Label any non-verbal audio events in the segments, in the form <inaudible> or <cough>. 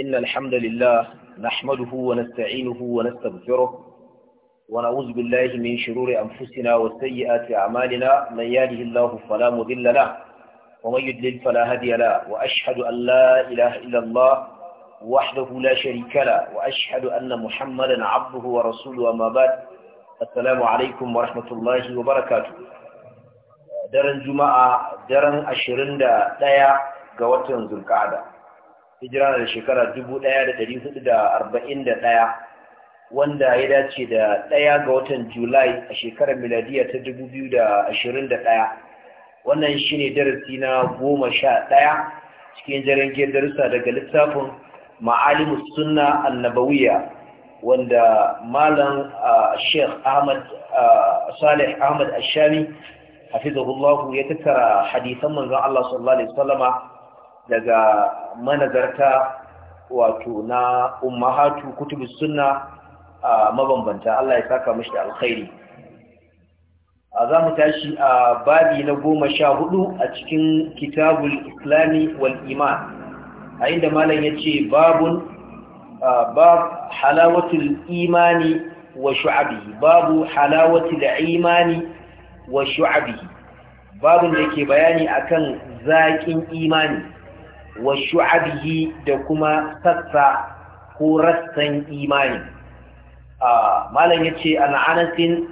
إن الحمد لله نحمده ونستعينه ونستغفره ونعوذ بالله من شرور أنفسنا وسيئات أعمالنا من يهده الله فلا مضل له ومن يضلل فلا هادي له وأشهد أن لا إله إلا الله وحده لا شريك له وأشهد أن محمدا عبده ورسوله وما بعد السلام عليكم ورحمة الله وبركاته daren juma'a daren ashirin da ɗaya ga watan zulka'ada hijira da shekara 1441 wanda ya dace da ɗaya ga watan julai a shekarar miladiya ta 2021 wannan shi ne darasi na goma sha ɗaya cikin jarangen darussa daga littafin ma'alimus sunna annabawiya wanda malam sheikh ahmad salih ahmad ashami hafizahullahu ya tattara hadisan manzon Allah sallallahu alaihi wasallama daga manazarta wato na ummahatu kutubus sunna a mabambanta Allah ya saka mishi da alkhairi a za mu tashi a babi na goma sha hudu a cikin kitabul islami wal iman a inda malam ya ce babun bab halawatul imani wa shu'abihi babu halawatul imani wa shu'abihi babun da ke bayani akan zaƙin imani wa shu'abihi da kuma sassa ko rassan imani malam ya ce al'anasin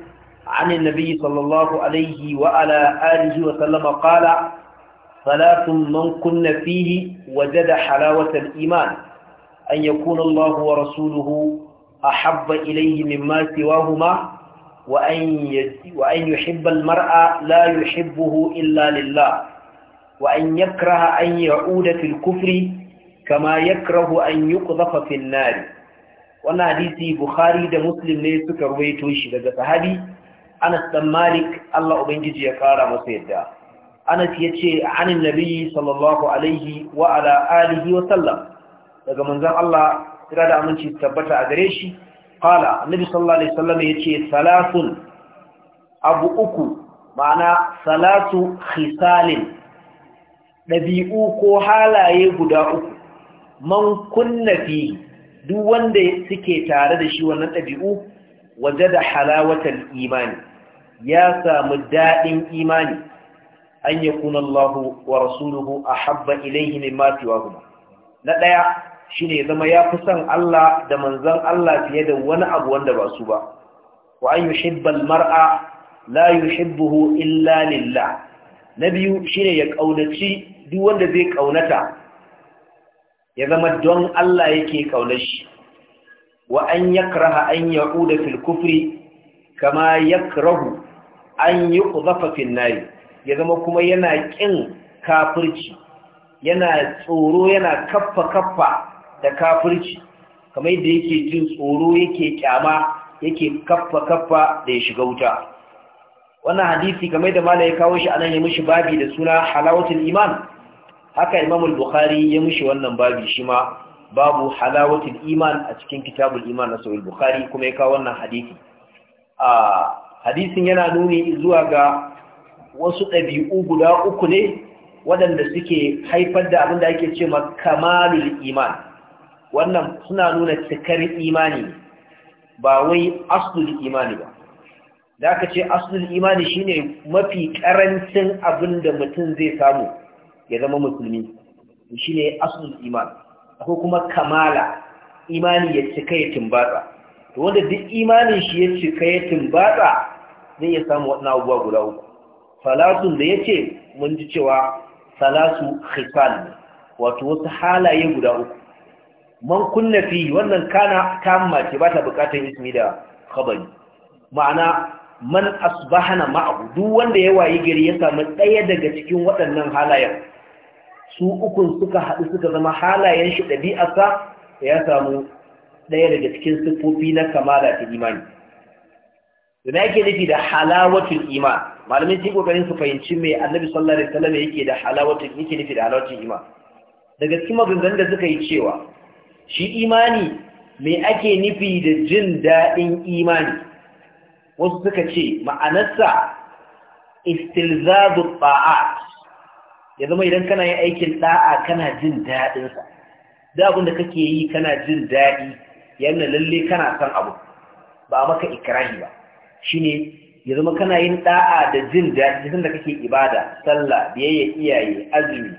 anin nabi sallallahu alaihi wa ala alihi wa sallama kala salatun man kunna fihi waje da halawatar iman an ya kuna wa rasuluhu a habba ilaihi mimma siwa huma wa an yi wa mar'a la yuhibbuhu illa lillah wa an yakraha an ya'uda fil kufri kama yakrahu an yuqdhafa fil nar wannan hadisi bukhari da muslim ne suka ruwaito shi daga sahabi anas dan malik Allah ubangiji ya kara masu yadda anas yace anin nabi sallallahu alaihi wa ala alihi wa sallam daga manzon Allah kira da aminci tabbata a gare shi qala annabi sallallahu alaihi wasallam yace salafun abu uku ma'ana salatu khisalin ɗabi'u ko halaye guda uku man kunna fi duk wanda suke tare da shi wannan ɗabi'u waje da halawatar imani ya samu daɗin imani an yi kunallahu wa rasuluhu a habba ilaihi ne mafi wa na ɗaya shi ne zama ya fi son Allah da manzan Allah fiye da wani abu wanda ba su ba wa an yi shibbal mar'a la yi shibbuhu illa lillah na biyu shi ne ya ƙaunaci duk wanda zai kaunata ya zama don Allah yake kaunar shi wa an yakraha an yaquda fil kufri kama yakrahu an yuqdhafa fil nari ya zama kuma yana kin kafirci yana tsoro yana kaffa kaffa da kafirci kamar yadda yake jin tsoro yake kyama yake kaffa kaffa da ya shiga wuta wannan hadisi kamar da malai ya kawo shi anan ya mishi babi da suna halawatul iman haka imamul bukhari ya mushi wannan babu shi ma babu halawatul iman a cikin kitabul iman na sahih bukhari kuma ya kawo wannan hadisi a hadisin yana nuni zuwa ga wasu ɗabi'u guda uku ne waɗanda suke haifar da abin da ake ce ma kamalul iman wannan suna nuna cikar imani ba wai aslul imani ba da aka ce aslul imani shine mafi karancin abin da mutum zai samu ya zama musulmi shi ne asul iman akwai kuma kamala imani ya cika ya tumbatsa to wanda duk imanin shi ya cika ya tumbatsa zai iya samu waɗannan abubuwa guda uku salasun da ya ce mun ji cewa salasu khisal wato wasu halaye guda uku man kunna fi wannan kana kama ce ba ta bukatar ismi da khabari ma'ana man asbahana ma'ahu wanda ya wayi gari ya samu ɗaya daga cikin waɗannan halayen su ukun suka haɗu suka zama halayen shi ɗabi'arsa da ya samu ɗaya daga cikin siffofi na kamala ta imani da yake nufi da halawatul iman malamin sun kokarin su fahimci mai annabi sallallahu alaihi wasallam yake da halawatul yake nufi da halawatul iman daga cikin maganganun da suka yi cewa shi imani me ake nufi da jin daɗin imani wasu suka ce ma'anarsa istilzazu ta'at ya zama idan kana yin aikin da'a kana jin daɗinsa da abin da kake yi kana jin daɗi yana lalle kana son abu ba maka ikirahi ba shine ya zama kana yin da'a da jin daɗi da kake ibada sallah biyayya iyaye azumi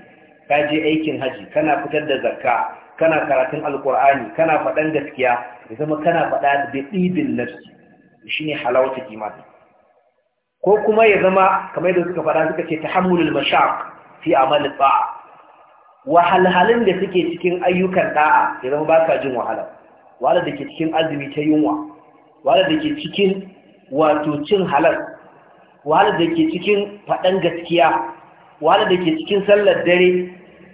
ka je aikin haji kana fitar da zakka kana karatun alkur'ani kana faɗan gaskiya ya zama kana faɗa da ɗibin nafsi shine halawata imani ko kuma ya zama kamar da suka faɗa suka ce tahammulul mashaq fi amalin ba'a wahalhalun da suke cikin ayyukan da'a ya zama ba ka jin wahala wahala da ke cikin azumi ta yunwa wahala da ke cikin wato cin halal wahala da ke cikin faɗan gaskiya wahala da ke cikin sallar dare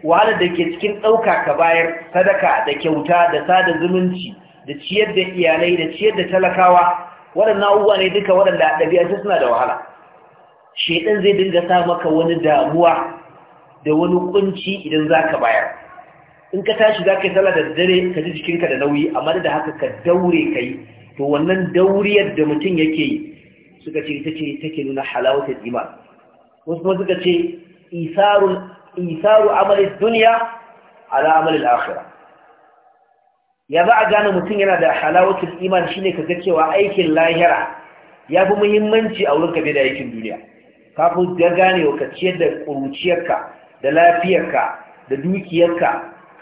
wahala da ke cikin ɗauka ka bayar sadaka da kyauta da sada zumunci da ciyar da iyalai da ciyar da talakawa waɗannan abubuwa ne duka waɗanda ɗabi'arsu suna da wahala shaidan zai dinga sa maka wani damuwa da wani kunci idan za ka bayar in ka tashi za ka yi sallah da dare ka ji jikinka da nauyi amma da haka ka daure ka yi to wannan dauriyar da mutum yake yi suka ce ita ce take nuna halawatar iman wasu kuma suka ce isaru amalin duniya ala amalin al ya za a gane mutum yana da halawatul iman shine kaga cewa aikin lahira ya fi muhimmanci a wurin kabe da aikin duniya kafin ga gane ka ciyar da ƙuruciyarka da lafiyarka da dukiyarka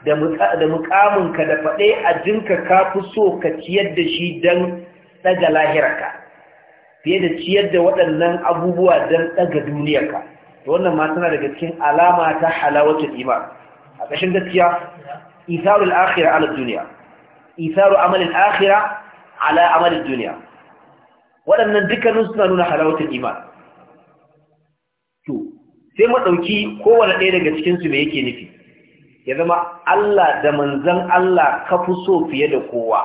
da mukaminka da faɗe a jinka ka fi so ka ciyar da shi don ɗaga lahirarka fiye da ciyar da waɗannan abubuwa don ɗaga duniyarka da wannan ma tana daga cikin alama ta halawacin iman a ƙashin gaskiya isaru al'akhira ala duniya isaru amal al'akhira ala amal duniya waɗannan dukkanin suna nuna halawacin iman sai maɗauki kowane ɗaya daga cikinsu mai yake nufi ya zama Allah da manzan Allah ka fi so fiye da kowa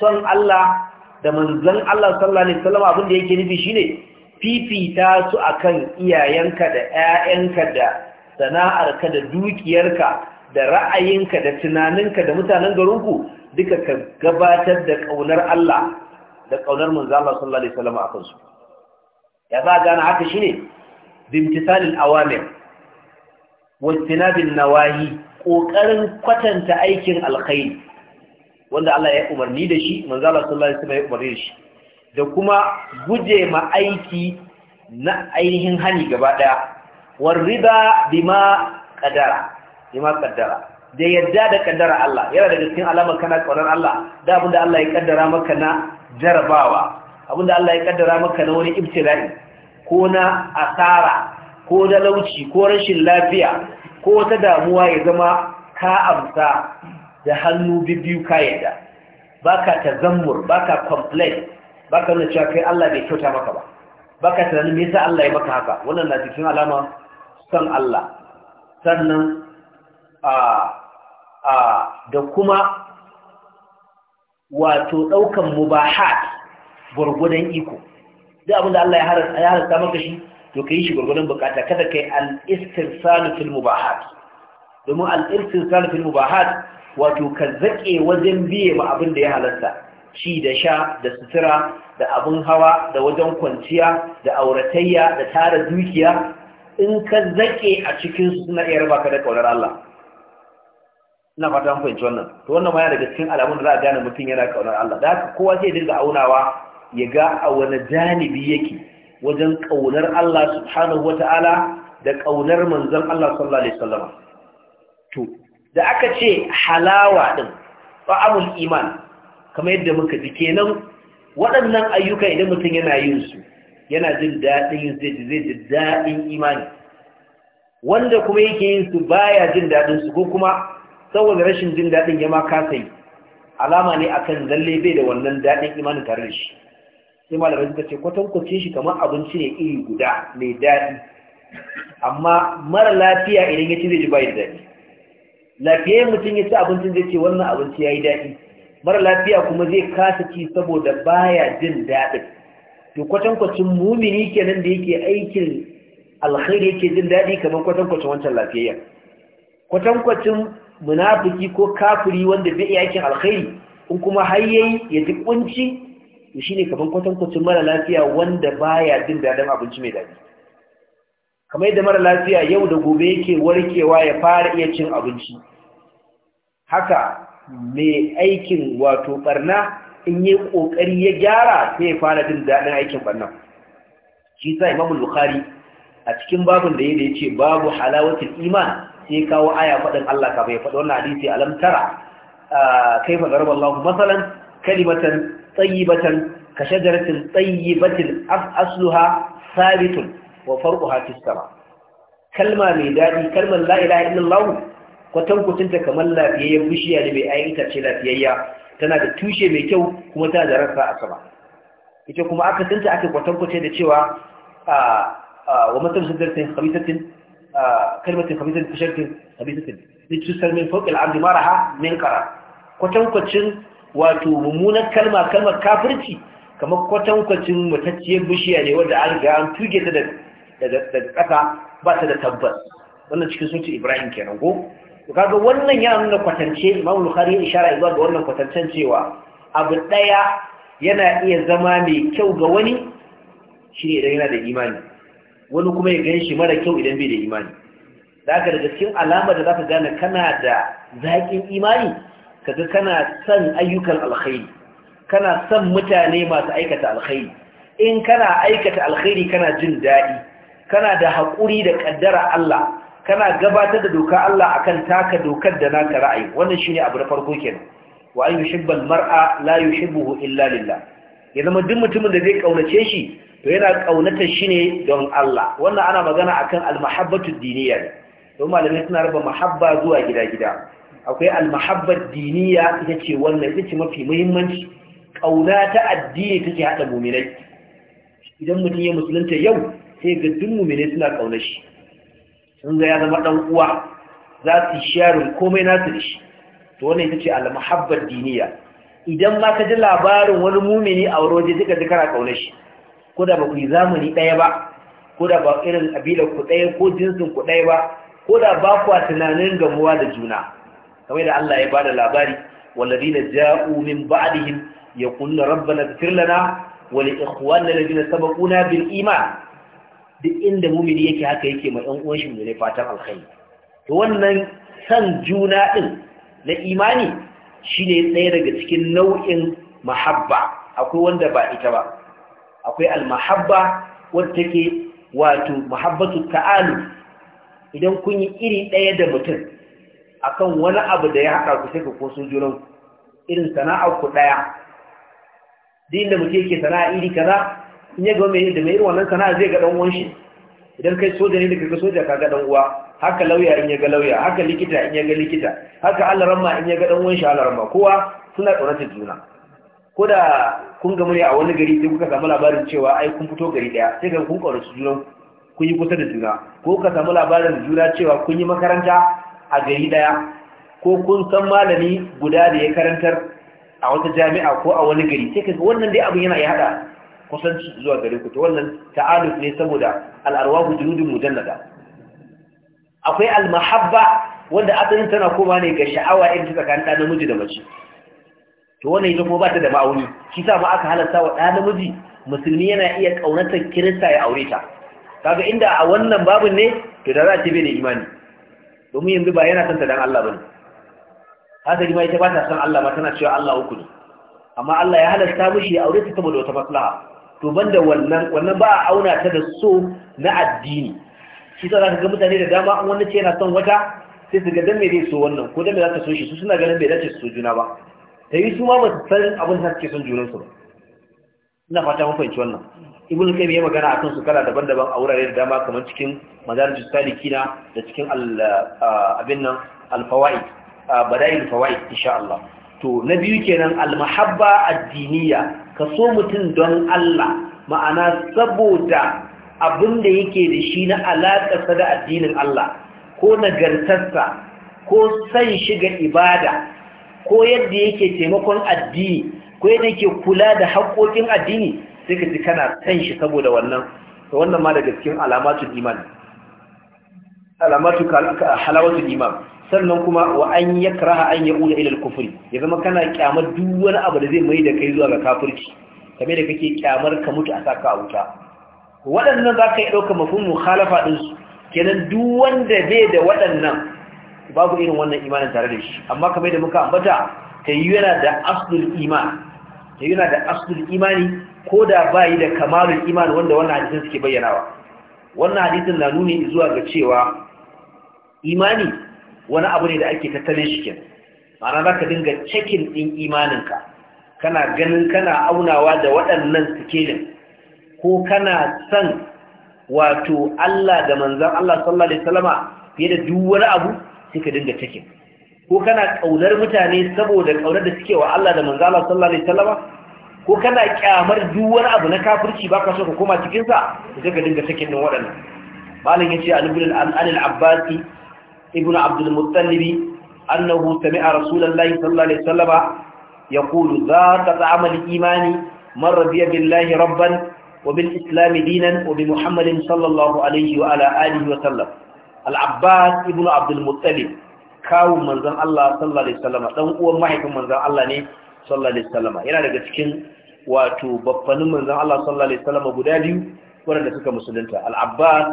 son Allah da manzan Allah sallallahu alaihi wasallam abin da yake nufi shine fifita su akan iyayenka da 'ya'yanka da sana'arka da dukiyarka da ra'ayinka da tunaninka da mutanen garinku duka ka gabatar da ƙaunar Allah da ƙaunar manzan Allah sallallahu alaihi wasallam akan su ya za gane haka shine bimtisalil awamir wastinabin nawahi ƙoƙarin kwatanta aikin alkhairi wanda Allah ya umarni da shi manzo Allah sallallahu alaihi wasallam ya umarni da shi da kuma guje ma aiki na ainihin hani gaba daya war riba bima qadara bima qaddara da yadda da kaddara Allah yana daga cikin alamar kana tsoron Allah da abinda Allah ya kaddara maka na jarabawa abinda Allah ya kaddara maka na wani ibtila'i ko na asara ko na lauci ko rashin lafiya ko wata damuwa ya zama ka amsa da hannu biyu ka yadda ba ka tazammur ba ka complain ba ka nuna cewa kai Allah bai kyauta maka ba ba ka tunanin me yasa Allah ya maka haka wannan na cikin alama son Allah sannan a a da kuma wato daukan mubahat gurgudan iko duk abin da Allah ya haranta maka shi to ka yi shi gwargwadon bukata kada ka yi al'istirsalu fil mubahat domin al'istirsalu fil mubahat wato ka zaƙe wajen biye ma abin da ya halarta ci da sha da sutura da abin hawa da wajen kwanciya da auratayya da tara dukiya in ka zaƙe a cikin suna iya raba ka da ƙaunar Allah ina fata an fahimci wannan to wannan ma yana daga cikin alamun da za a gane mutum yana ƙaunar Allah da haka kowa zai dinga aunawa ya ga a wani janibi yake wajen ƙaunar Allah subhanahu wa ta'ala da ƙaunar manzan Allah sallallahu alaihi wasallam to da aka ce halawa ɗin fa'amul iman kamar yadda muka ji kenan waɗannan ayyuka idan mutum yana yin su yana jin daɗin zai zai ji daɗin imani wanda kuma yake yin su baya jin daɗin su ko kuma saboda rashin jin daɗin ya ma kasa yi alama ne akan lalle bai da wannan daɗin imanin tare da shi sai malamai suka ce kwatankwacin shi kamar abinci ne iri guda mai daɗi amma mara lafiya idan ya ci zai ji bai da daɗi lafiyayyen mutum ya ci abincin zai ce wannan abinci ya yi daɗi mara lafiya kuma zai kasa ci saboda baya jin daɗin to kwatankwacin mumini kenan da yake aikin alkhairi yake jin daɗi kamar kwatankwacin wancan Kwatan kwatankwacin munafiki ko kafiri wanda bai aikin alkhairi in kuma hayyayi ya ji kunci to shine kaman kwatankwacin mara lafiya wanda baya jin daɗin abinci mai daɗi kamar da mara lafiya yau da gobe yake warkewa ya fara iya cin abinci haka mai aikin wato barna in yi ƙoƙari ya gyara sai ya fara jin daɗin aikin barna shi sa imamu bukhari a cikin babin da ya ce babu halawatul iman sai kawo aya faɗin Allah kafin ya fada wannan hadisi alam tara kaifa garaballahu masalan kalimatan tayyibatan ka shajaratin tayyibatin asluha sabitun wa farquha fis sama kalma mai dadi kalmar la ilaha illallah kwatankwacin ta kamar lafiyayyen bishiya ne mai ayin itace lafiyayya tana da tushe mai kyau kuma tana da rassa a sama ita kuma aka tunta aka kwatankwace da cewa wa matar sadartin khamisatin kalmatin khamisatin fashartin khamisatin da cutar min fokil abdi maraha min kara kwatankwacin wato mummunar kalma kalmar kafirci kamar kwatankwacin matacciyar bishiya ne wadda an ga an tuge ta daga ƙasa ba ta da tabbas wannan cikin sunci ibrahim kenan ko kaga wannan yana nuna kwatance imam bukhari ya ishara zuwa ga wannan kwatancen cewa abu ɗaya yana iya zama mai kyau ga wani shi idan yana da imani wani kuma ya gan shi mara kyau idan bai da imani da haka daga cikin alamar da za ka gane kana da zaƙin imani kaga kana son ayyukan alkhairi kana son mutane masu aikata alkhairi in kana aikata alkhairi kana jin daɗi kana da haƙuri da ƙaddara Allah kana gabatar da doka Allah akan taka dokar da naka ra'ayi wannan shine abu na farko kenan wa an yushibba mar'a la yushibbuhu illa lillah ya zama duk mutumin da zai kaunace shi to yana kaunatar shi ne don Allah wannan ana magana akan al-mahabbatu diniyya malamai suna raba mahabba zuwa gida-gida akwai almahabbar diniya ita ce wannan ita ce mafi muhimmanci ƙauna ta addini take haɗa muminai idan mutum ya musulunta yau sai ga duk muminai suna ƙauna shi sun ga ya zama ɗan uwa za su sharin komai nasu da shi to wannan ita ce almahabbar diniya idan ma ka ji labarin wani mumini a waje duka ji kana ƙauna shi ko da ba ku zamani ɗaya ba ko da ba irin ƙabilar ku ɗaya ko jinsin ku ɗaya ba ko da ba ku tunanin gamuwa da juna Kawai da Allah ya bada labari walladina ja'u min ba'dihim yaquluna rabbana ighfir lana wa li ikhwanina alladhina sabaquna bil iman duk inda mumini yake haka yake ma ɗan uwan shi ne fatan alkhairi to wannan san juna din na imani shine ɗaya daga cikin nau'in mahabba akwai wanda ba ita ba akwai almahabba wadda take wato mahabbatu ta'alu idan kun yi iri ɗaya da mutum akan wani abu da ya haɗa ku sai ka ko junan irin sana'ar ku ɗaya din da mutum yake sana'a iri kaza in ya ga mai da mai irin wannan sana'a zai ga dan uwan shi idan kai soja ne da kaga soja ka ga dan uwa haka lauya in ya ga lauya haka likita in ya ga likita haka Allah ramma in ya ga dan uwan shi Allah ramma kowa suna tsoratar juna ko da kun ga mune a wani gari sai kuka samu labarin cewa ai kun fito gari daya sai ga kun su juna kun yi kusa da juna ko ka samu labarin juna cewa kun yi makaranta a gari daya ko kun san malami guda da ya karantar a wata jami'a ko a wani gari sai kaga wannan dai abin yana ya hada kusanci zuwa gare ku to wannan ta'aluf ne saboda al'arwahu juludun mujallada akwai al-mahabba wanda asalin tana koma ne ga sha'awa irin tsakanin da namiji da mace to wannan ita kuma ba ta da ma'auni shi sa ma aka halarta wa ɗan namiji musulmi yana iya kaunatar kirista ya aure ta kaga inda a wannan babin ne to da za ta bai da imani domin yanzu ba yana son ta dan Allah bane dai mai ta ba ta son Allah ma tana cewa Allah uku ne amma Allah ya halasta mishi ya aure ta saboda wata maslaha to banda wannan wannan ba a auna ta da so na addini shi sa zaka ga mutane da dama an wanda ce yana son wata sai su ga dan me zai so wannan ko dan me ka so shi su suna ganin bai dace su so juna ba ta yi su ma ba su san abin da suke son junansu ba ina fata mun fahimci wannan ibn qayyim ya magana akan su kala daban-daban a wurare da dama kamar cikin madarij salikina da cikin abin nan al-fawaid bada'il fawaid insha Allah to na biyu kenan al-mahabba ad ka so mutum don Allah ma'ana saboda abin da yake da shi na alaƙa da addinin Allah ko nagartarsa ko san shiga ibada ko yadda yake taimakon addini ko yadda yake kula da haƙoƙin addini sai ka ji kana san shi saboda wannan to wannan ma daga cikin alamatul iman alamatu halawatul iman sannan kuma wa an yakraha an yauda ila al-kufri ya zama kana kyamar duk wani abu da zai mai da kai zuwa ga kafirci kame da kake kyamar ka mutu a saka a wuta waɗannan za ka yi ɗauka mafin mukhalafa ɗinsu kenan duk wanda bai da waɗannan babu irin wannan imanin tare da shi amma kamar da muka ambata ta yana da aslul iman yana da aslul imani ko da ba yi da kamalin imani wanda wannan hadisin suke bayyanawa wannan hadisin na nuni zuwa ga cewa imani wani abu ne da ake tattalin shi ke ma'ana za ka dinga cikin ɗin imaninka kana ganin kana aunawa da waɗannan sikelin ko kana son wato Allah da manzan Allah sallallahu Alaihi salama fiye da duk wani abu sai ka dinga cikin ko kana ƙaunar mutane saboda ƙaunar da suke wa Allah da manzan Allah sallallahu Alaihi salama ko kana kyamar duk wani abu na kafirci baka so ka koma cikin sa sai ka dinga sakin nan wadannan malam yace al-ibn al-abbasi ibn abd al-muttalib annahu sami'a rasulullahi sallallahu alaihi wasallam yaqulu za ta ta'amal imani man radiya billahi rabban wa bil islam dinan wa bi muhammadin sallallahu alaihi wa ala alihi wa sallam al-abbas ibn abd al-muttalib kawun manzon Allah sallallahu alaihi wasallam dan uwan mahaifin manzon Allah ne sallallahu alaihi wasallam yana daga cikin wato babbanin manzon Allah sallallahu alaihi wasallam guda biyu waɗanda suka musulunta al-Abbas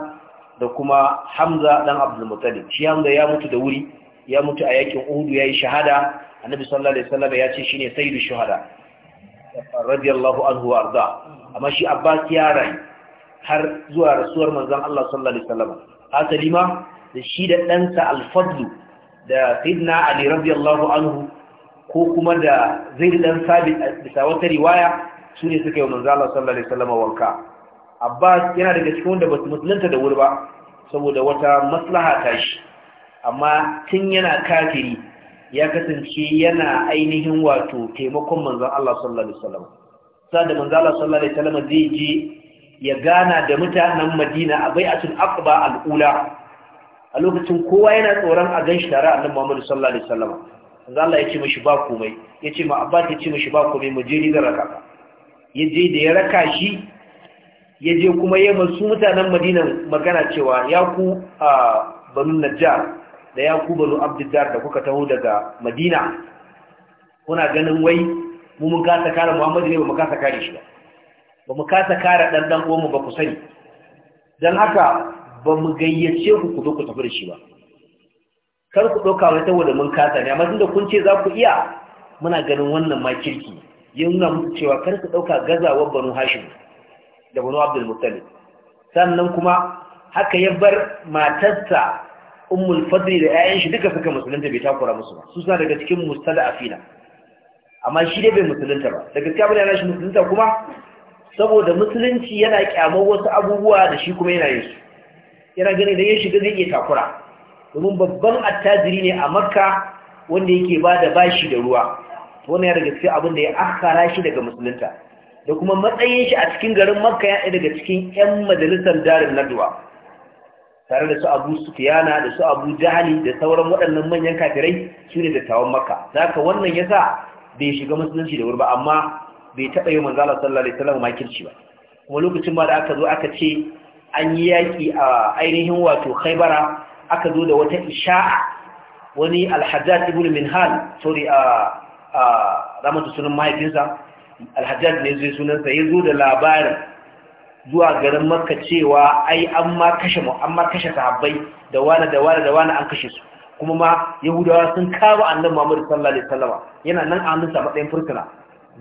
da kuma Hamza dan Abdul Muttalib shi Hamza ya mutu da wuri ya mutu a yakin Uhud yi shahada Annabi sallallahu alaihi wasallam ya ce shine sayyidu shuhada radiyallahu anhu wa arda amma shi Abbas ya rayu har zuwa rasuwar manzon Allah sallallahu alaihi wasallam asali ma da shi da ɗansa Al-Fadl da Sayyidina Ali radiyallahu anhu ko kuma da zai dan sabit bisa wata riwaya su ne suka yi wa Allah sallallahu alaihi wasallam wanka Abbas yana daga cikin wanda ba su musulunta da wuri ba saboda wata maslaha ta shi amma tun yana kafiri ya kasance yana ainihin wato taimakon manzon Allah sallallahu alaihi wasallam sai da manzo Allah sallallahu alaihi wasallam zai je ya gana da mutanen Madina a bai'atul aqba al-ula a lokacin kowa yana tsoron a ganshi tare annabi Muhammad sallallahu alaihi wasallam manzo Allah ya ce mishi ba komai ya ce ma abba ya ce mishi ba komai mu je ni da raka ya je da ya raka shi ya je kuma ya masu mutanen Madina magana cewa ya ku banu Najjar da ya ku banu Abdiddar da kuka taho daga Madina kuna ganin wai mu mun kasa kare Muhammadu ne ba mu kasa kare shi ba ba mu kasa kare dan dan uwanmu ba ku sani dan haka ba mu gayyace ku ku zo ku tafi da shi ba kar ku ɗauka wani saboda mun kasa ne amma tunda kun ce za ku iya muna ganin wannan ma kirki Yin nuna musu cewa kar ku ɗauka gazawar banu hashim da banu abdul mutalib sannan kuma haka ya bar matarsa ummul fadli da 'ya'yan shi duka suka musulunta bai takura musu ba su suna daga cikin mustada afina amma shi dai bai musulunta ba da gaskiya bane yana shi musulunta kuma saboda musulunci yana kyamar wasu abubuwa da shi kuma yana yin su yana ganin da ya shiga zai iya takura domin babban attajiri ne a makka wanda yake ba da bashi da ruwa wani ya daga cikin abin da ya akara shi daga musulunta da kuma matsayin shi a cikin garin makka ya daga cikin 'yan majalisar darin naduwa tare da su abu sufiyana da su abu jahali da sauran waɗannan manyan kafirai su ne dattawan makka zaka wannan ya sa bai shiga musulunci da wuri ba amma bai taɓa yi Allah sallallahu alaihi wasallam makirci ba kuma lokacin ma da aka zo aka ce an yi yaƙi a ainihin wato khaibara aka zo da wata isha'a wani alhajjaj ibn minhal sorry a ramatu sunan mahaifinsa alhajjaj ne zai sunansa ya zo da labarin zuwa garin makka cewa ai an ma kashe mu an ma kashe sahabbai da wani da wani da wani an kashe su kuma ma yahudawa sun kama annabi muhammad sallallahu alaihi wasallam yana nan a aminsa matsayin fursuna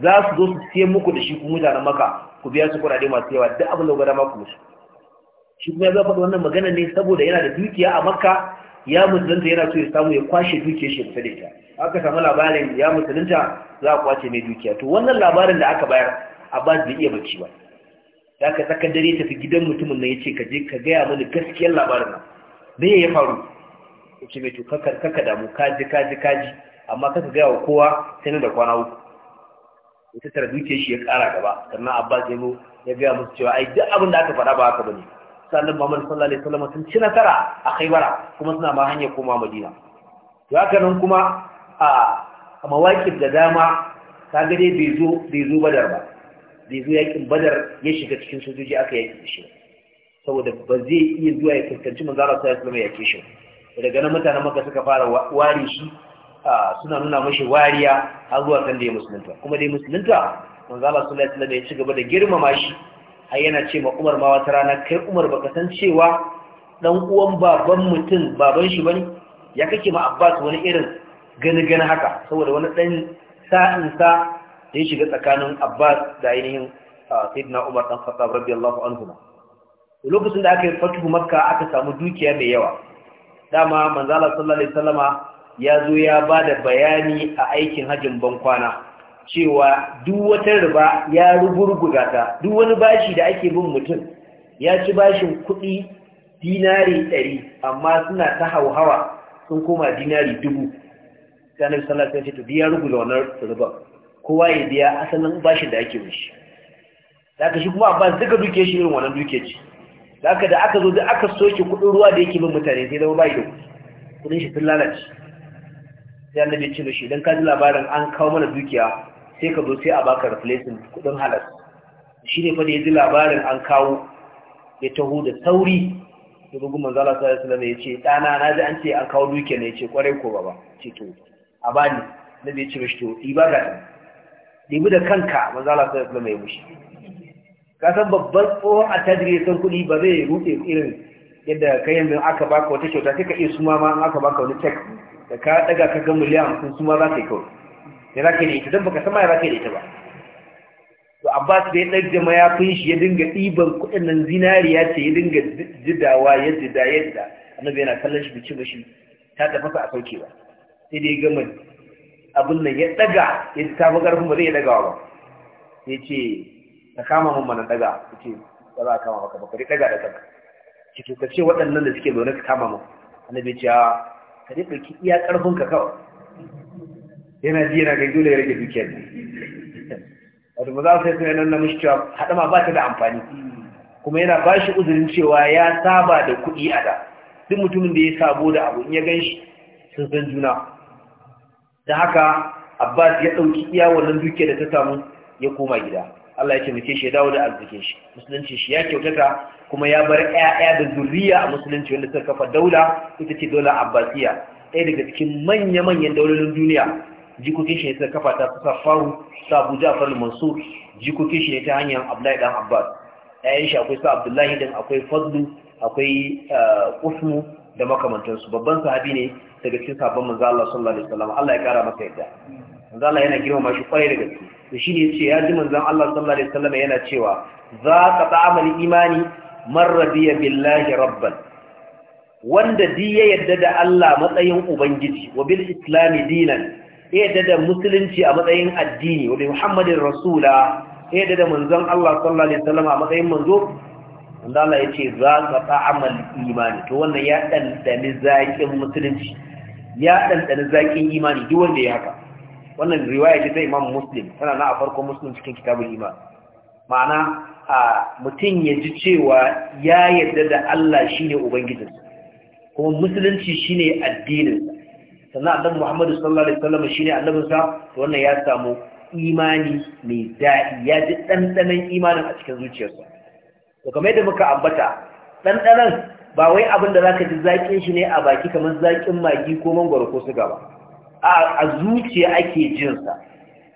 za su zo su siye muku da shi kuma mutanen maka ku biya su kuɗaɗe masu yawa duk abin da gwada maku musu shi kuma ya faɗi wannan magana ne saboda yana da dukiya a makka ya musulunta yana so ya samu ya kwashe dukiyar shi fita da ita aka samu labarin ya musulunta za a kwace mai dukiya to wannan labarin da aka bayar abbas bai iya bacci ba da aka tsakar dare tafi gidan mutumin na ya ce ka je ka gaya mani gaskiyar labarin nan me ya faru ya ce mai to kaka damu kaji kaji kaji amma kaka gaya wa kowa sai da kwana uku ya tattara dukiyar shi ya kara gaba sannan abbas ya ya gaya musu cewa ai duk abin da aka faɗa ba haka ba ne. sannan Muhammad sallallahu alaihi sun ci nasara a Khaibara kuma suna ma hanyar koma Madina to haka kuma a mawakin da dama ka ga bai zo Badar ba bai zo yakin Badar ya shiga cikin sojoji aka yaki shi saboda ba zai iya zuwa ya kankanci manzo Allah sallallahu alaihi wasallam ya yake shi daga nan mutanen Makka suka fara wari shi suna nuna mashi wariya har zuwa kan da ya musulunta kuma dai musulunta manzo Allah sallallahu alaihi wasallam ya ci gaba da girmama shi har yana ce ma umar ma wata rana kai umar baka san cewa dan uwan baban mutum baban shi bane ya kake ma abbas wani irin gani gani haka saboda wani dan sa'in sa da ya shiga tsakanin abbas da ainihin sayyidina umar dan khattab radiyallahu anhu lokacin da aka yi fatuhu makka aka samu dukiya mai yawa dama manzala sallallahu alaihi wasallama ya zo ya bada bayani a aikin hajjin bankwana cewa duk wata riba ya ruburguga ta duk wani bashi da ake bin mutum ya ci bashin kuɗi dinari ɗari amma suna ta hauhawa sun koma dinari dubu sanar salatu ya ce to biya ruguza wannan riba kowa ya biya asalin bashin da ake mishi da aka shi kuma abbas duka duke shi irin wannan duke ce da aka da aka zo da aka soke kuɗin ruwa da yake bin mutane sai zama bayi da kuɗin shi sun lalace sai annabi ce shi idan ka ji labarin an kawo mana dukiya sai ka zo sai a baka replacement kudin halas shi ne fa da ya ji labarin an kawo ya taho da sauri da bugun manzala sallallahu alaihi wasallam ya ce dana na ji an ce an kawo duke ne ya ce kwarai ko baba ce to a bani na bai ce mishi to ɗiba ga ta da kanka manzala sallallahu alaihi wasallam ya mushi ka san babban tsohon a tajiri san kuɗi ba zai rufe irin yadda kai yanzu aka baka wata kyauta sai ka iya suma ma an aka baka wani tek da ka daga ka ga miliyan sun suma za ka yi kawai ya za ka da ita don baka sama ya za ka da ita ba to abbas da ya ya fi shi ya dinga ɗiban kuɗin nan zinariya ce ya dinga jidawa ya jida ya jida annabi yana kallon shi bici bashi ta tafasa a sauke ba sai dai gama abin nan ya ɗaga ya ta fi ƙarfin ba zai ɗagawa ba ya ce ka kama mun mana ɗaga ya ce ba za a kama maka ba ka ɗaga da kanka Ki to ka ce waɗannan da suke zaune ka kama mun annabi ya ce ka dai ɗauki iya ƙarfin ka kawai yana ji yana gani dole ya rage dukiyar ne wato ba za su nan na mishi cewa haɗama ba ta da amfani kuma yana ba shi uzurin cewa ya saba da kuɗi a da duk mutumin da ya sabo da abu in ya gan shi sun san juna da haka abbas ya ɗauki iya wannan dukiyar da ta samu ya koma gida Allah ya mace shi ya dawo da arzikin shi musulunci shi ya kyautata kuma ya bar ƴaƴa da zuriya a musulunci wanda suka kafa daula ita ce daula abbasiya ɗaya daga cikin manya-manyan daularin duniya jikokin shi ne ta kafa ta suka faru su abu ja'far al-mansur jikokin shi ne ta hanyar abdullahi dan abbas ɗayan shi akwai sa abdullahi dan akwai fadlu akwai eh, usmu da makamantansu babban sahabi ne daga cikin sabon manzo Allah sallallahu alaihi wasallam Allah ya kara masa yadda manzo Allah yana girmama shi kwarai da gaske to shine ce ya ji manzon Allah sallallahu alaihi wasallam yana cewa za ka ta'amal imani man radiya billahi rabban wanda di ya yadda da Allah matsayin ubangiji wa bil islami dinan ya yadda da musulunci a matsayin addini wa muhammadin rasula ya yadda da manzon Allah sallallahu alaihi wasallam a matsayin manzo wanda Allah ya ce za ka amal imani to wannan ya dandani zaƙin musulunci ya dandani zaƙin imani duk wanda ya haka wannan riwaya ce ta Imam Muslim tana na a Muslim cikin kitabul iman ma'ana a mutum ya ji cewa ya yarda da Allah shine ubangijinsa kuma musulunci shine addininsa sannan annabi Muhammadu sallallahu alaihi wasallam ne annabin sa wannan ya samu imani mai daɗi ya ji ɗanɗanon imanin a cikin zuciyarsa to kamar yadda muka ambata ɗanɗanon ba wai abin da zaka ji zaƙin shi ne a baki kamar zaƙin magi ko mangwaro ko suga ba a zuciya ake jin sa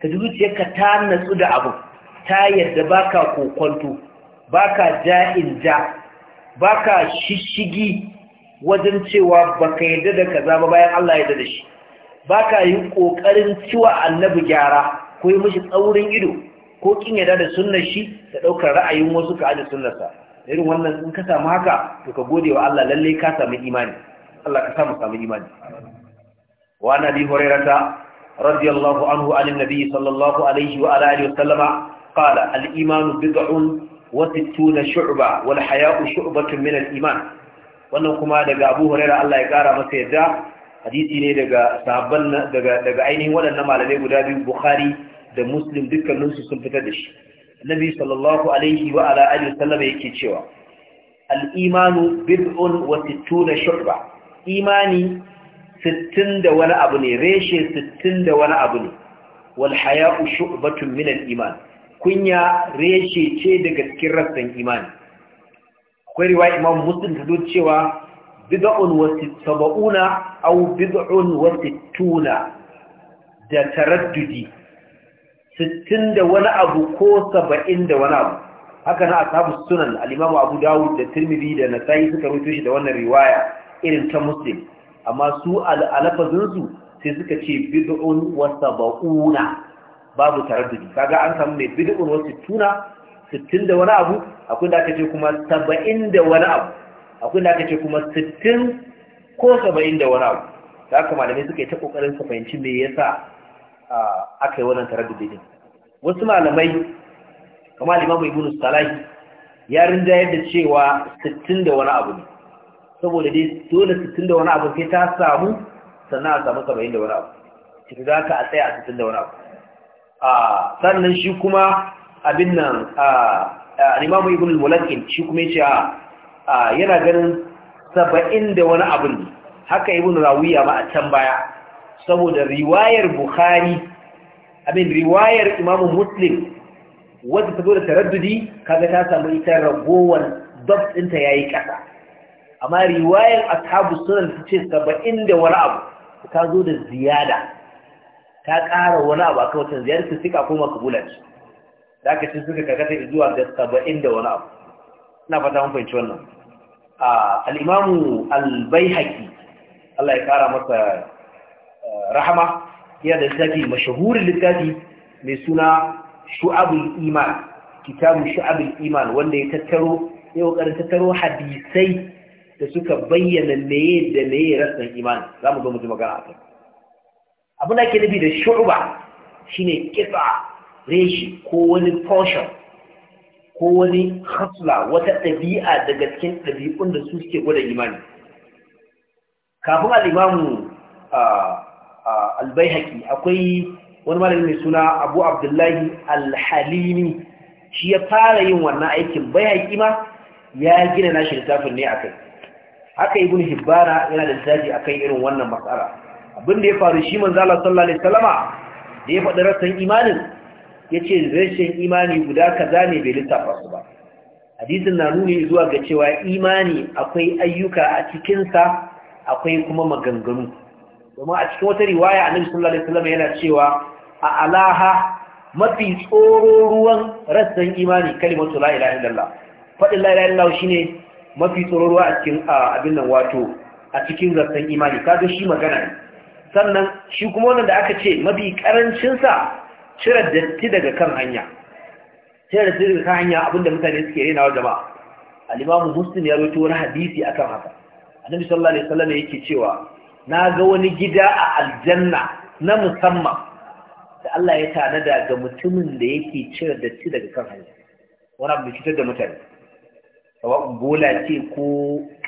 ka ji zuciyarka ta natsu da abu ta yadda baka kokonto baka ja'in ja baka shishigi wajen cewa ba baka yadda da ka ba bayan Allah ya da shi Ba ka yi kokarin ciwa annabi gyara ko yi mashi tsaurin ido ko ƙin yadda da sunnar shi da ɗaukar ra'ayin wasu ka ajiye sunnar irin wannan in ka samu haka to ka gode wa Allah lalle ka samu imani Allah ka samu samu imani wa ana bi hurairata radiyallahu anhu an annabi sallallahu alaihi wa alihi wa sallama qala al-iman bid'un wa 60 shu'ba wal haya'u shu'batun min al-iman wannan kuma daga abu huraira Allah ya kara masa yadda hadisi ne daga sahabban daga daga ainihin waɗannan malamai guda biyu bukhari da muslim dukkanin su sun fitar da shi annabi sallallahu alaihi wa ala alihi wasallam yake cewa al-imanu bid'un wa sittuna shu'ba imani sittin da wani abu ne reshe sittin da wani abu ne wal haya'u shu'batun min al-iman kunya reshe ce daga cikin rassan imani akwai riwaya imamu muslim ta zo cewa bid'un wa sab'una aw bid'un wa sittuna da taraddudi 60 da wani abu ko 70 da wani abu haka na ashabu sunan al abu dawud da tirmidhi da nasa'i suka rawaito shi da wannan riwaya irin ta muslim amma su al-alafazin su sai suka ce bid'un wa sab'una babu taraddudi kaga an samu mai bid'un wa sittuna sittin da wani abu akwai da aka ce kuma saba'in da wani abu akwai da aka ce kuma sittin ko saba'in da wani abu da aka malamai suka yi ta kokarin su fahimci me yasa aka yi wannan taraddudi din wasu malamai kamar Imam Ibn Salahi ya rinjayar da cewa sittin da wani abu ne saboda dai dole sittin da wani abu sai ta samu sannan a samu saba'in da wani abu cikin za ka a tsaya a sittin da wani abu sannan shi kuma abin nan al'imamu ibn al-mulakin shi kuma ya ce yana ganin saba'in da wani abin haka ibn rawiya ma a can baya saboda riwayar bukhari abin riwayar imamu muslim wadda ta zo da taraddudi kaga ta samu ita ragowar dab ɗinta ya yi ƙasa amma riwayar ashabu sunan ta ce saba'in da wani abu ta zo da ziyada ta ƙara wani abu a kawancin ziyar ta sika ko makabulanci da aka ci suka karkata zuwa ga saba'in da wani abu ina fata mun fahimci wannan al'imamu albaihaki Allah ya kara masa eh, rahama yana da littafi mashahurin littafi mai suna shu'abul iman kitabun shu'abul iman wanda ya tattaro ya kokarin tattaro hadisai da suka bayyana meye da meye rassan iman za mu zo mu ji magana a kai abin da ke nufi da shu'ba shine kitsa reshi ko wani portion ko wani hasla wata ɗabi'a daga cikin ɗabi'un da su suke gwada imani kafin al'imamu albaihaki akwai wani malami mai suna abu abdullahi alhalimi shi ya fara yin wannan aikin baihaki ma ya gina nashi littafin ne akai haka Ibnu hibbara yana da littafi akan irin wannan matsala abin da ya faru shi manzo sallallahu alaihi Salama da ya faɗi rassan imanin ya ce rashin imani guda kaza ne bai littafa su ba hadisin na nuni zuwa ga cewa imani akwai ayyuka a cikinsa akwai kuma maganganu domin a cikin wata riwaya annabi sallallahu alaihi wasallam yana cewa a alaha mafi tsoro ruwan rassan imani kalimatu la ilaha illallah fadin la ilaha illallah shine mafi tsoro ruwa a cikin abin nan wato a cikin rassan imani kaga shi magana ne sannan shi kuma wannan da aka ce mafi karancin sa cire datti daga kan hanya cire datti daga kan hanya abinda mutane suke rena wa jama'a al-imamu muslim ya rawaito wani hadisi akan haka annabi sallallahu alaihi wasallam yake cewa na ga wani gida a aljanna na musamman da Allah ya tanada ga mutumin da yake cire datti daga kan hanya wani abu cutar da mutane sawa'un bola ce ko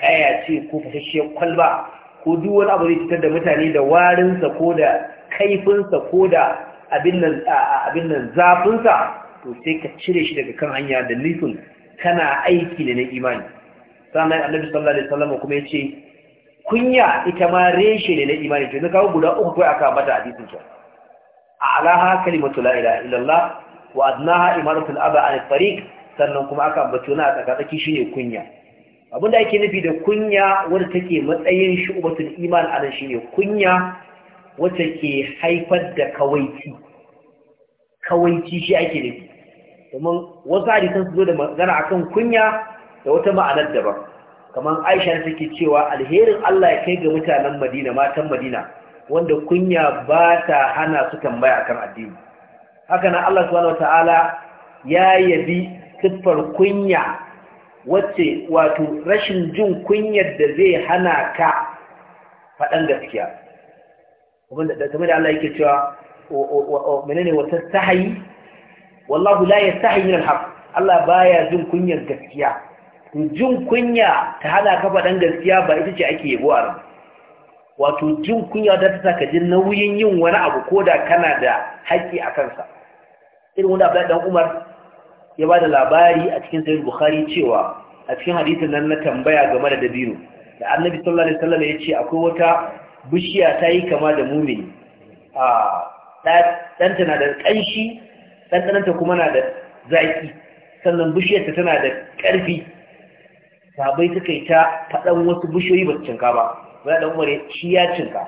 kaya ce ko fasasshiyar kwalba ko duk wani abu da cutar da mutane da warinsa ko da kaifinsa ko da abin nan zafinsa to sai ka cire shi daga kan hanya da nufin kana aiki da na imani sannan annabi sallallahu alaihi wasallam kuma ya ce kunya ita ma reshe ne na imani to kawo guda uku kai aka bata hadisin ta alaha kalimatu la ilaha illallah wa adnaha imaratul aba an tariq sannan kuma aka bato na tsaka tsaki shine kunya abinda ake nufi da kunya wanda take matsayin shu'batul iman anan ne kunya wacce ke haifar da kawaici kawaici shi ake nufi domin wasu hadisan su zo da magana akan kunya da wata ma'anar daban kamar aisha take cewa alherin Allah ya kai ga mutanen Madina matan Madina wanda kunya ba ta hana su tambaya akan addini haka na Allah subhanahu wataala ya yabi siffar kunya wacce wato rashin jin kunyar da zai hana ka faɗan gaskiya game da Allah yake cewa menene wata sahayi wallahu la yastahi min al Allah baya jin kunyar gaskiya jin kunya ta hada ka faɗan gaskiya ba ita ce ake yabo a wato jin kunya da ta saka jin nauyin yin wani abu ko da kana da haƙƙi a kansa irin wanda Abdullahi dan Umar ya ba da labari a cikin sahih Bukhari cewa a cikin hadisin nan na tambaya game da dabino da Annabi sallallahu alaihi wasallam ya ce akwai wata bishiya ta yi kama da mumini a ɗanta na da ƙanshi ɗanɗananta kuma na da zaƙi sannan bishiyarta tana da ƙarfi sabai suka yi ta faɗan wasu bishiyoyi ba su cinka ba wani ɗan umar shi ya cinka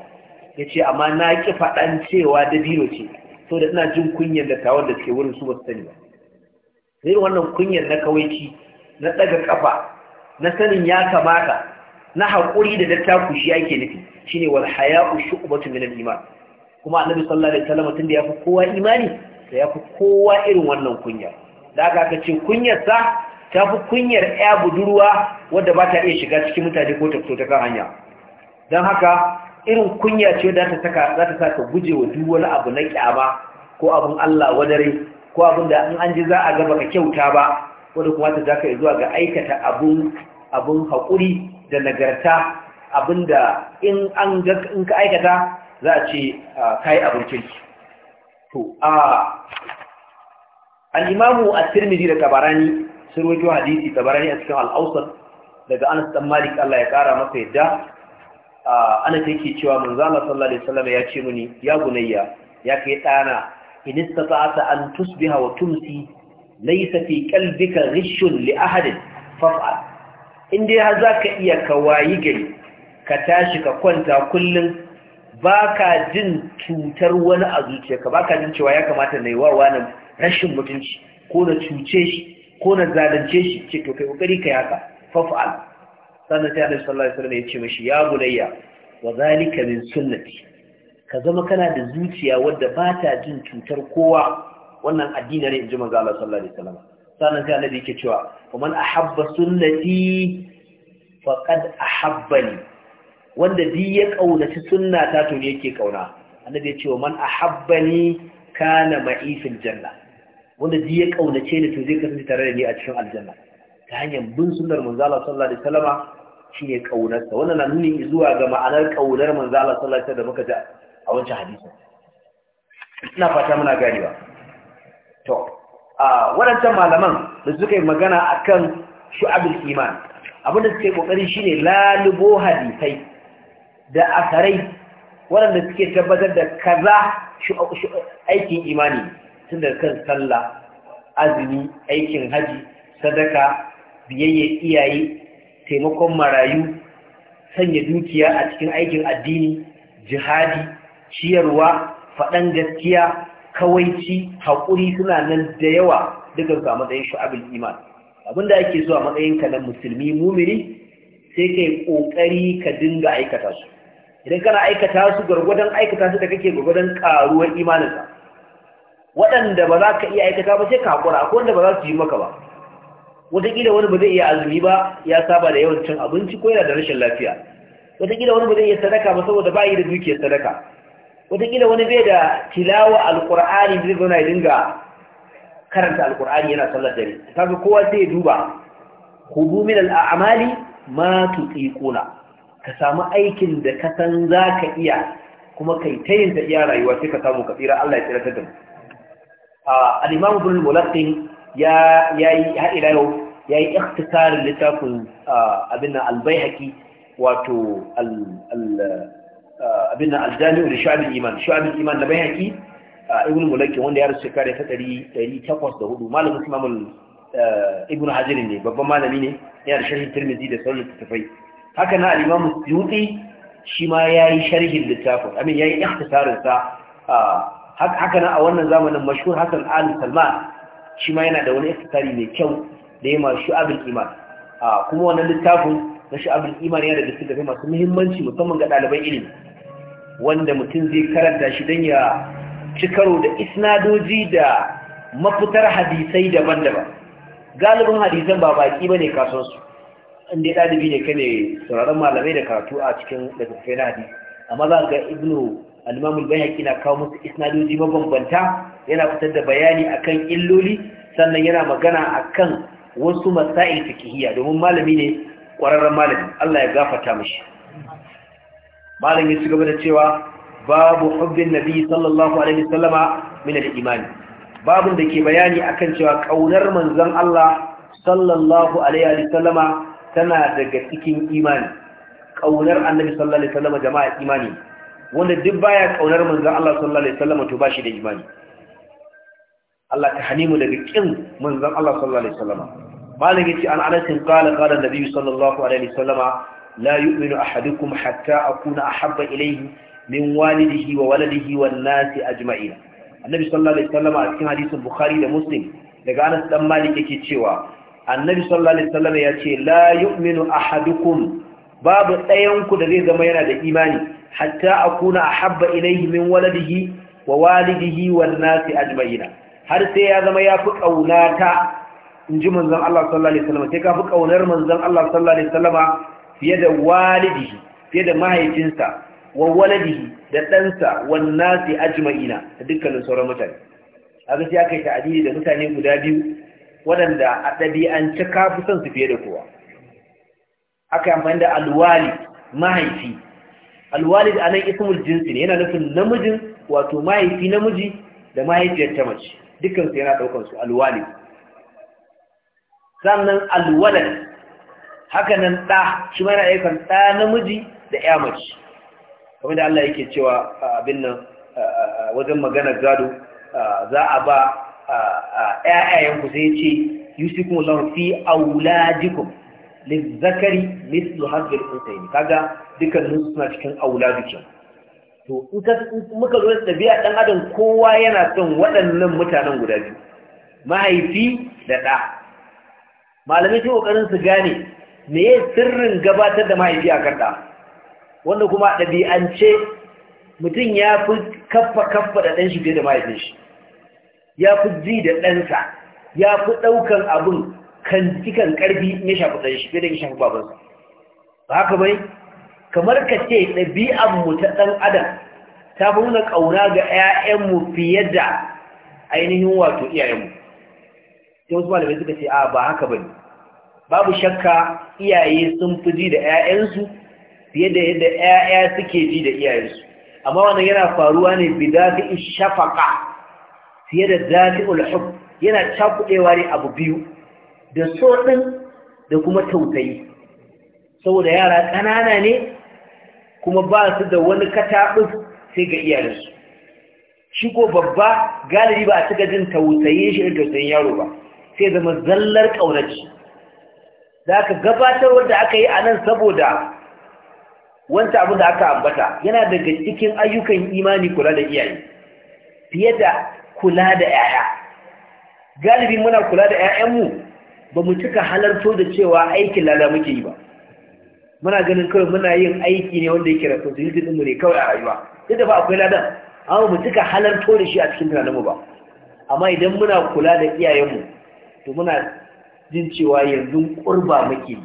ya ce amma na ƙi faɗan cewa biyo ce so da ina jin kunyar da tawar da suke wurin su ba su sani ba zai wannan kunyar na kawaici na ɗaga ƙafa na sanin ya kamata na haƙuri da dattaku shi ake nufi shine wal haya'u shu'batu min al iman kuma annabi sallallahu alaihi wasallam tunda yafi kowa imani da yafi kowa irin wannan kunya da aka aka ce kunyar sa tafi kunyar ya budurwa wadda ba ta iya shiga cikin mutane ko ta fito ta hanya don haka irin kunya ce da ta saka za ta saka guje wa duk wani abu na kyama ko abin Allah wadare ko abin da in an ji za a ga baka kyauta ba wanda kuma ta zaka zuwa ga aikata abun abun haƙuri da nagarta abinda in an ga in ka aikata za a ce kai abin kirki to a al-imamu at-tirmidhi da tabarani sun rawaito hadisi tabarani a cikin al-awsat daga Anas dan Malik Allah ya kara masa yadda ana yake cewa Manzala sallallahu alaihi wasallam ya ce mini ya gunayya ya kai dana in istata'ta an tusbiha wa tumsi laysa fi qalbika ghishun li ahadin faf'al in dai har zaka iya kawayi gari ka tashi ka kwanta kullum ba ka jin cutar wani a zuciyarka ba ka jin cewa ya kamata na yi wa wani rashin mutunci ko na cuce shi ko na zalunce shi ce to kai kokari ka haka fafa'al sannan sai Annabi sallallahu alaihi wasallam ya ce mishi ya bunayya wa zalika min sunnati ka zama kana da zuciya wadda ba ta jin cutar kowa wannan addini ne inji manzo Allah sallallahu alaihi wasallam sannan sai Annabi yake cewa man ahabba sunnati faqad ahabbani wanda duk ya kaunaci sunna ta to ne yake kauna annabi ya ce wa man ahabbani kana ma'i fil janna wanda duk ya kaunace ni to zai kasance tare da ni a cikin aljanna ta hanyar bin sunnar manzo Allah sallallahu alaihi wasallama shine kaunarsa wannan na nuni zuwa ga ma'anar kaunar manzo Allah sallallahu alaihi wasallam da muka ji a wancan hadisin ina fata muna ganewa to a wadancan malaman da suka yi magana akan shu'abul iman abin da suke kokari shine lalubo hadisai da asarai waɗanda suke tabbatar da kaza aikin imani tun da kan sallah azumi aikin haji sadaka biyayya iyaye taimakon marayu sanya dukiya a cikin aikin addini jihadi ciyarwa faɗan gaskiya kawaici haƙuri suna nan da yawa duka ga matsayin shu'abul iman abinda ake zuwa matsayin matsayinka na musulmi mumini sai kai ƙoƙari ka dinga aikata su idan kana aikata su gwargwadon aikata su da kake gwargwadon karuwar imaninsa. waɗanda ba za ka iya aikata ba sai ka hakura akwai wanda ba za su yi maka ba wataƙila wani ba zai iya azumi ba ya saba da yawan cin abinci ko yana da rashin lafiya wataƙila wani ba zai iya sadaka ba saboda ba yi da dukiyar sadaka wataƙila wani bai da tilawa alƙur'ani da zai zauna ya dinga karanta alƙur'ani yana sallar dare kaga kowa sai ya duba hubu min al'amali ma ƙuna. ka samu aikin da ka san za ka iya kuma kai ta yin ta iya rayuwa sai ka samu ka tsira Allah ya tsira ta da mu al-imam ibn al-mulaqqin ya yi har ila yau yayi ikhtisarin littafin abin al-baihaqi wato abin al-jami' li shu'ab iman shu'ab iman na baihaqi ibn al-mulaqqin wanda ya rasu shekara ta ɗari takwas da hudu. malamin imam ibn hajar ne babban malami ne yana da sharhin tirmidhi da sauran littafai haka na al-imam suyuti shi ma yayi sharhin littafin amin yayi ikhtisarin sa haka na a wannan zamanin mashhur Hassan Ali Salman shi ma yana da wani ikhtisari mai kyau da yema shu'abul iman kuma wannan littafin na shu'abul iman yana da cikin masu muhimmanci musamman ga ɗaliban ilimi wanda mutum zai karanta shi dan ya ci da isnadoji da mafitar hadisai daban-daban galibin hadisan ba baki bane kasuwar in dai ɗalibi ne kai ne sauraron malamai da karatu a cikin littattafai na hadisi amma za ga ibnu al-imamul bayhaqi na kawo musu isnadoji mabambanta yana fitar da bayani akan illoli sannan yana magana akan wasu masail fiqhiyya domin malami ne ƙwararren malami Allah ya gafarta mishi malami ya gaba da cewa babu hubbin nabi sallallahu alaihi wasallama min al-imani babun da ke bayani akan cewa kaunar manzon Allah sallallahu alaihi wasallama tana daga cikin imani ƙaunar annabi sallallahu alaihi wasallam jama'a imani wanda duk baya ƙaunar manzon Allah sallallahu alaihi wasallam to bashi da imani Allah ka hanimu daga kin manzon Allah sallallahu alaihi wasallam malam ce an Anas qala qala annabi sallallahu alaihi wasallam la yu'minu ahadukum hatta akuna ahabba ilayhi min walidihi wa waladihi wan nasi ajma'in annabi sallallahu alaihi wasallam a cikin hadisin bukhari da muslim daga Anas dan Malik yake cewa annabi sallallahu alaihi wasallam ya ce la yu'minu ahadukum babu ɗayan da zai zama yana da imani hatta akuna ahabba ilayhi min waladihi wa walidihi wan nasi ajma'ina har sai ya zama ya fi kaunata in ji manzon Allah sallallahu alaihi wasallam sai ka fi kaunar manzon Allah sallallahu alaihi wasallam fiye da walidihi fiye da mahaifinsa wa waladihi da ɗansa wan nasi ajma'ina da dukkanin sauran mutane a gaskiya aka yi adili da mutane guda biyu waɗanda a ɗabi'ance ka fi son su fiye da kowa aka yi amfani da alwali mahaifi alwali da anan ismul jinsi ne yana nufin namijin wato mahaifi namiji da mahaifiyar ta mace dukansu yana ɗaukar su alwali sannan alwalad haka nan ɗa shi mana ayyukan ɗa namiji da ya mace kamar da Allah yake cewa abin nan wajen magana gado za a ba ƴaƴayenku sai ya ce yusufu Allah fi auladikum lizzakari mislu hazbil unsayi kaga dukkanin suna cikin auladikum to in muka zo da ɗabi'a ɗan adam kowa yana son waɗannan mutanen guda biyu mahaifi da ɗa malamai ce kokarin su gane me ya sirrin gabatar da mahaifi a kan ɗa wanda kuma ɗabi'ance mutum ya fi kaffa kaffa da ɗan shi fiye da mahaifin shi ya fi ji da ɗansa ya fi ɗaukan abin kan cikin ƙarfi ya shafi ɗan shi fiye da ya shafi babansa ba haka bai kamar ka ce ɗabi'anmu ta ɗan adam ta fi nuna ƙauna ga 'ya'yanmu fiye da ainihin wato iyayenmu sai wasu malamai suka ce a ba haka bane babu shakka iyaye sun fi ji da 'ya'yansu fiye da yadda 'ya'ya suke ji da iyayensu amma wannan yana faruwa ne bi za ta shafaka fiye da zafi ulhub yana cakuɗewa ne abu biyu da so ɗin da kuma tausayi saboda yara ƙanana ne kuma ba su da wani kataɓin sai ga iyalinsu shi babba galibi ba a cika jin tautaye shi da tausayin yaro ba sai zama zallar ƙaunaci da aka gabatar wanda aka yi a nan saboda wanta abu da aka ambata yana daga cikin ayyukan imani kula da iyaye fiye da kula da ‘ya'ya galibi muna kula da ‘ya'yanmu ba mu cika halarto da cewa aikin lada muke yi ba muna ganin kawai muna yin aiki ne wanda yake responsibility ɗinmu ne kawai a rayuwa duk da ba akwai ladan amma mu cika halarto da shi a cikin tunaninmu ba amma idan muna kula da iyayenmu to muna jin cewa yanzu ƙurba muke yi.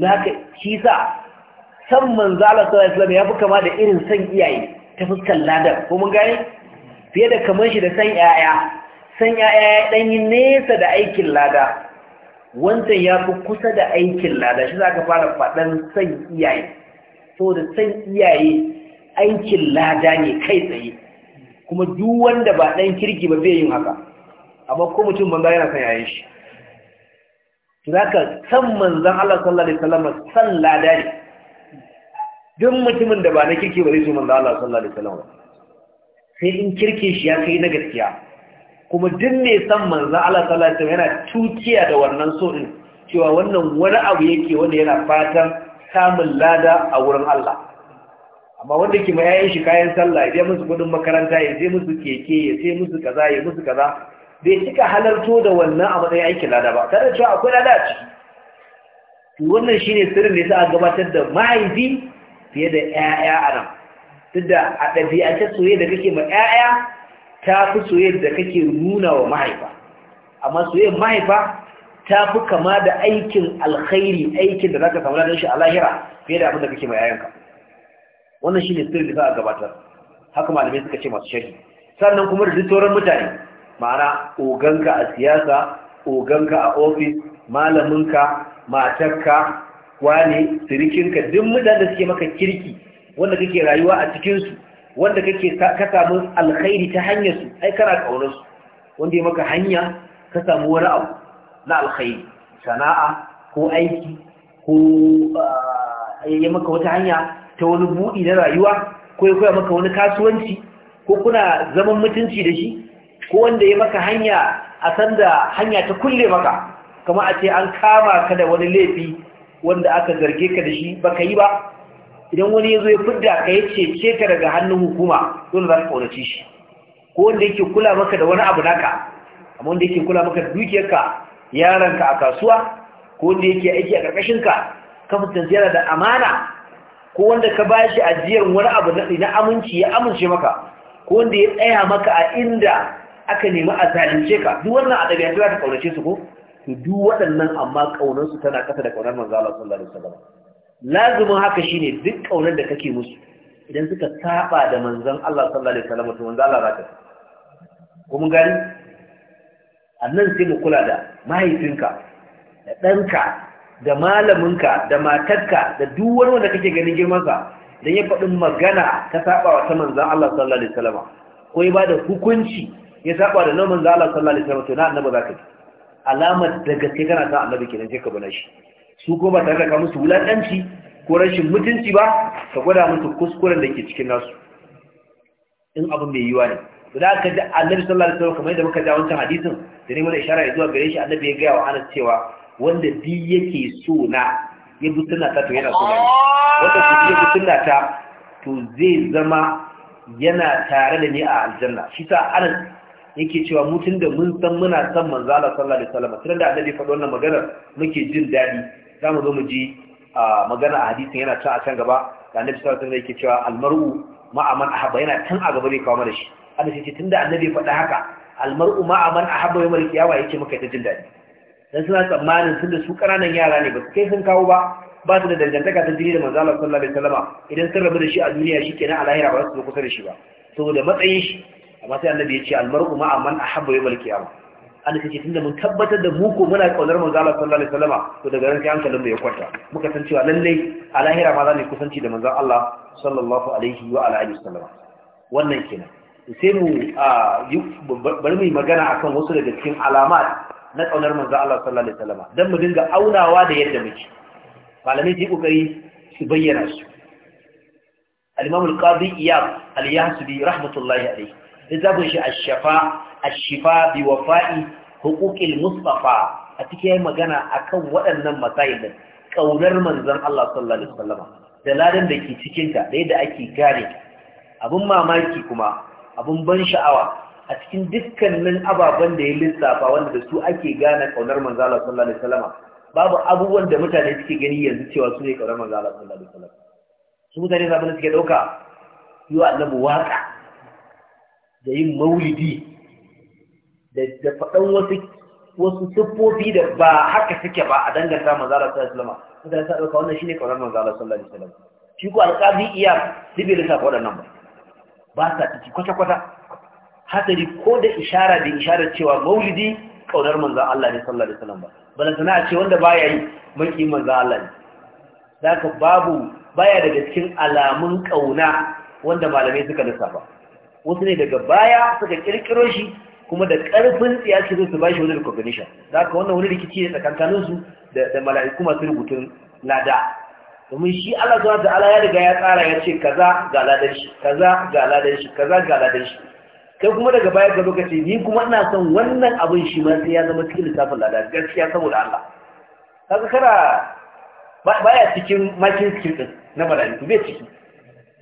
da haka shi sa san manzala sallallahu alaihi ya fi kama da irin san iyaye ta fuskar ladan ko mun gane fiye da kamar shi da san ‘ya'ya san ‘ya'ya ya yi nesa da aikin lada wancan ya fi kusa da aikin lada shi za ka fara faɗan san iyaye da san iyaye aikin lada ne kai tsaye kuma duk wanda ba ɗan kirki ba zai yin haka amma ko mutum banza yana san yayin shi ka san manzan Allah sallallahu alaihi wasallam san lada ne duk mutumin da ba na kirki ba zai so manzan Allah sallallahu alaihi wasallam sai in kirki shi ya kai na gaskiya kuma duk mai san manzon Allah sallallahu yana tukiya da wannan so din cewa wannan wani abu yake wanda yana fatan samun lada a wurin Allah amma wanda ke mayayin shi kayan sallah ya musu gudun makaranta ya sai musu keke ya sai musu kaza ya musu kaza bai cika halarto da wannan a matsayin aikin lada ba tare da cewa akwai lada a wannan shine sirrin da yasa a gabatar da mahaifi fiye da 'ya'ya a nan tunda a ɗabi'ance soyayya da kake ma 'ya'ya ta fi soyayya da kake nuna wa mahaifa amma soyayyar mahaifa ta fi kama da aikin alkhairi aikin da zaka samu ladan shi a lahira fiye da abin da kake ma 'ya'yanka wannan shine sirri da za a gabatar haka malamai suka ce masu sharhi sannan kuma da sauran mutane ma'ana oganka a siyasa oganka a ofis malaminka matarka wane sirikinka duk mutane da suke maka kirki wanda kake rayuwa a cikinsu wanda kake ka samu alkhairi ta hanyarsu ai kana ƙaunarsu wanda ya maka hanya ka samu wani abu na alkhairi sana'a ko aiki ko ah, ya maka wata hanya ta wani buɗi na rayuwa ko ya koya maka wani kasuwanci ko kuna zaman mutunci da shi ko wanda ya maka hanya a sanda hanya ta kulle maka kamar a ce an kama ka da wani laifi wanda aka zarge ka da shi baka yi ba idan wani ya zo ya fidda ka ya cece ka daga hannun hukuma dole za ka ƙaunace shi ko wanda yake kula maka da wani abu naka amma wanda yake kula maka da dukiyarka yaranka a kasuwa ko wanda yake aiki a ƙarƙashinka ka fitan ziyara da amana ko wanda ka bashi ajiyar wani abu na aminci ya amince maka ko wanda ya tsaya maka a inda aka nemi a zalunce ka duk wannan a ɗabi'ar za ta ƙaunace su ko to duk waɗannan amma ƙaunarsu tana ƙasa da ƙaunar manzo Allah sallallahu alaihi wasallam lazumin haka shi ne duk ƙaunar da kake musu idan suka saba da manzan Allah sallallahu alaihi wasallam to za Allah fi. kuma gani nan sai mu kula da mahaifinka da ɗanka da malaminka da matarka da duk wani wanda kake ganin girmansa don ya faɗin magana ta saba wa ta manzan Allah sallallahu alaihi wasallam ko ya da hukunci ya saba da nan manzan Allah sallallahu alaihi wasallam to na annabi ka fi. alamar daga kana sa annabi kenan sai ka bana shi su ko ba tare da ka musu wulaɗanci ko rashin mutunci ba ka gwada musu kuskuren da ke cikin nasu in abin mai yiwa ne da aka ji annabi sallallahu alaihi wasallam kamar yadda muka ja wancan hadisin da ne mana ishara zuwa gare shi annabi ya gaya wa Anas cewa wanda bi yake so na ya bi ta to yana so na wanda ku ya bi ta to zai zama yana tare da ni a aljanna shi sa Anas yake cewa mutum da mun san muna san manzo Allah sallallahu alaihi wasallam tunda da annabi faɗi wannan magana muke jin dadi za mu zo mu ji magana a hadisin yana can a can gaba da annabi sallallahu alaihi wasallam yake cewa almaru ma'a man ahabba yana can a gaba zai kawo mana shi annabi ce tunda annabi ya faɗa haka almaru ma'a man ahabba yawmal qiyama yake maka ta jin daɗi dan suna tsammanin sun da su kananan yara ne ba kai sun kawo ba ba su da dangantaka ta jini da manzo Allah sallallahu alaihi wasallam idan sun rabu da shi a duniya shi shikenan a lahira ba su zo kusa da shi ba saboda matsayin shi amma sai annabi ya ce almaru ma'a man ahabba yawmal qiyama Allah yake tunda mun tabbatar da mu ko muna kaunar manzo Allah sallallahu alaihi wasallama to daga ran sai hankalin mu ya kwanta muka san cewa lalle a lahira ma za mu kusanci da manzo Allah sallallahu alaihi wa alihi wasallama wannan kenan sai mu bari mu yi magana akan wasu daga cikin alamat na kaunar manzo Allah sallallahu alaihi wasallama dan mu dinga aunawa da yadda muke malamai su yi kokari su bayyana su al-imam al-qadi iyab al-yahsubi rahmatullahi alaihi littafin shi ashafa ashifa bi wafa'i huquqil mustafa a cikin magana akan waɗannan masail din kaunar manzon Allah sallallahu alaihi wasallam da ladan da ke cikin ta da yadda ake gane abun mamaki kuma abun ban sha'awa a cikin dukkanin ababen da ya lissafa wanda da su ake gane kaunar manzon Allah sallallahu alaihi wasallam babu abubuwan da mutane suke gani yanzu cewa su ne kaunar manzon Allah sallallahu alaihi wasallam su mutane zaɓin suke ɗauka yi wa annabi waƙa da yin maulidi da faɗan wasu wasu siffofi da ba haka suke ba a danganta manzala sallallahu alaihi wasallam mutane wannan shine kaunar manzala sallallahu alaihi wasallam shi ko alƙazi iya sibi da safa waɗannan ba ba sa ciki kwata kwata hasari ko da ishara da ishara cewa maulidi kaunar manza Allah ne sallallahu alaihi wasallam ba bala sana ce wanda ya yi maki manzan Allah ne zaka babu baya daga cikin alamun kauna wanda malamai suka lissafa wasu ne daga baya suka kirkiro shi kuma da karfin tsiya suke zo su bashi wani recognition Za ka wannan wani rikici ne tsakankaninsu su da mala'iku masu rubutun lada domin shi Allah zuwa da Allah ya riga ya tsara ya ce kaza ga ladan shi kaza ga ladan shi kaza ga ladan shi kai kuma daga baya ga lokaci ni kuma ina son wannan abin shi ma sai ya zama cikin lissafin lada gaskiya saboda Allah kaga kana baya cikin makin cikin din na mala'iku bai ciki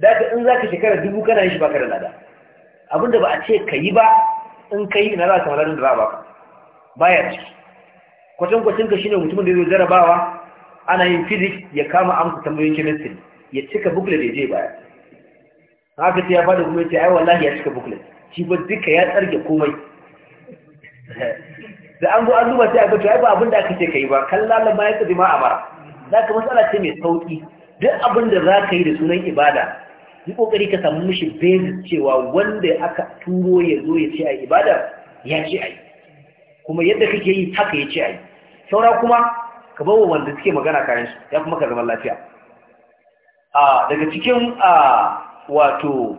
da in zaka shekara dubu kana shi baka da lada abinda ba a ce ka yi ba in ka yi ina za ka malarin da za a baka baya ce kwacin-kwacin ka ne mutumin da zai jarabawa ana yin fizik ya kama amsa tambayoyin chemistry ya cika da ya je baya haka sai ya fada kuma ya ce ai wallahi ya cika booklet shi ba duka ya tsarge komai <laughs> da an zo an zuba sai a ga to ai ba abin da aka ce ka yi ba kallalan ma ya tsari ma amara ka matsala ce mai sauki duk abin da za ka yi da sunan ibada yi ƙoƙari ka samu mishi basis cewa wanda aka turo ya zo ya ce ai ibada ya ce yi kuma yadda kake yi haka ya ce ai saura kuma ka bawa wanda suke magana kayan su ya kuma ka zama lafiya daga cikin wato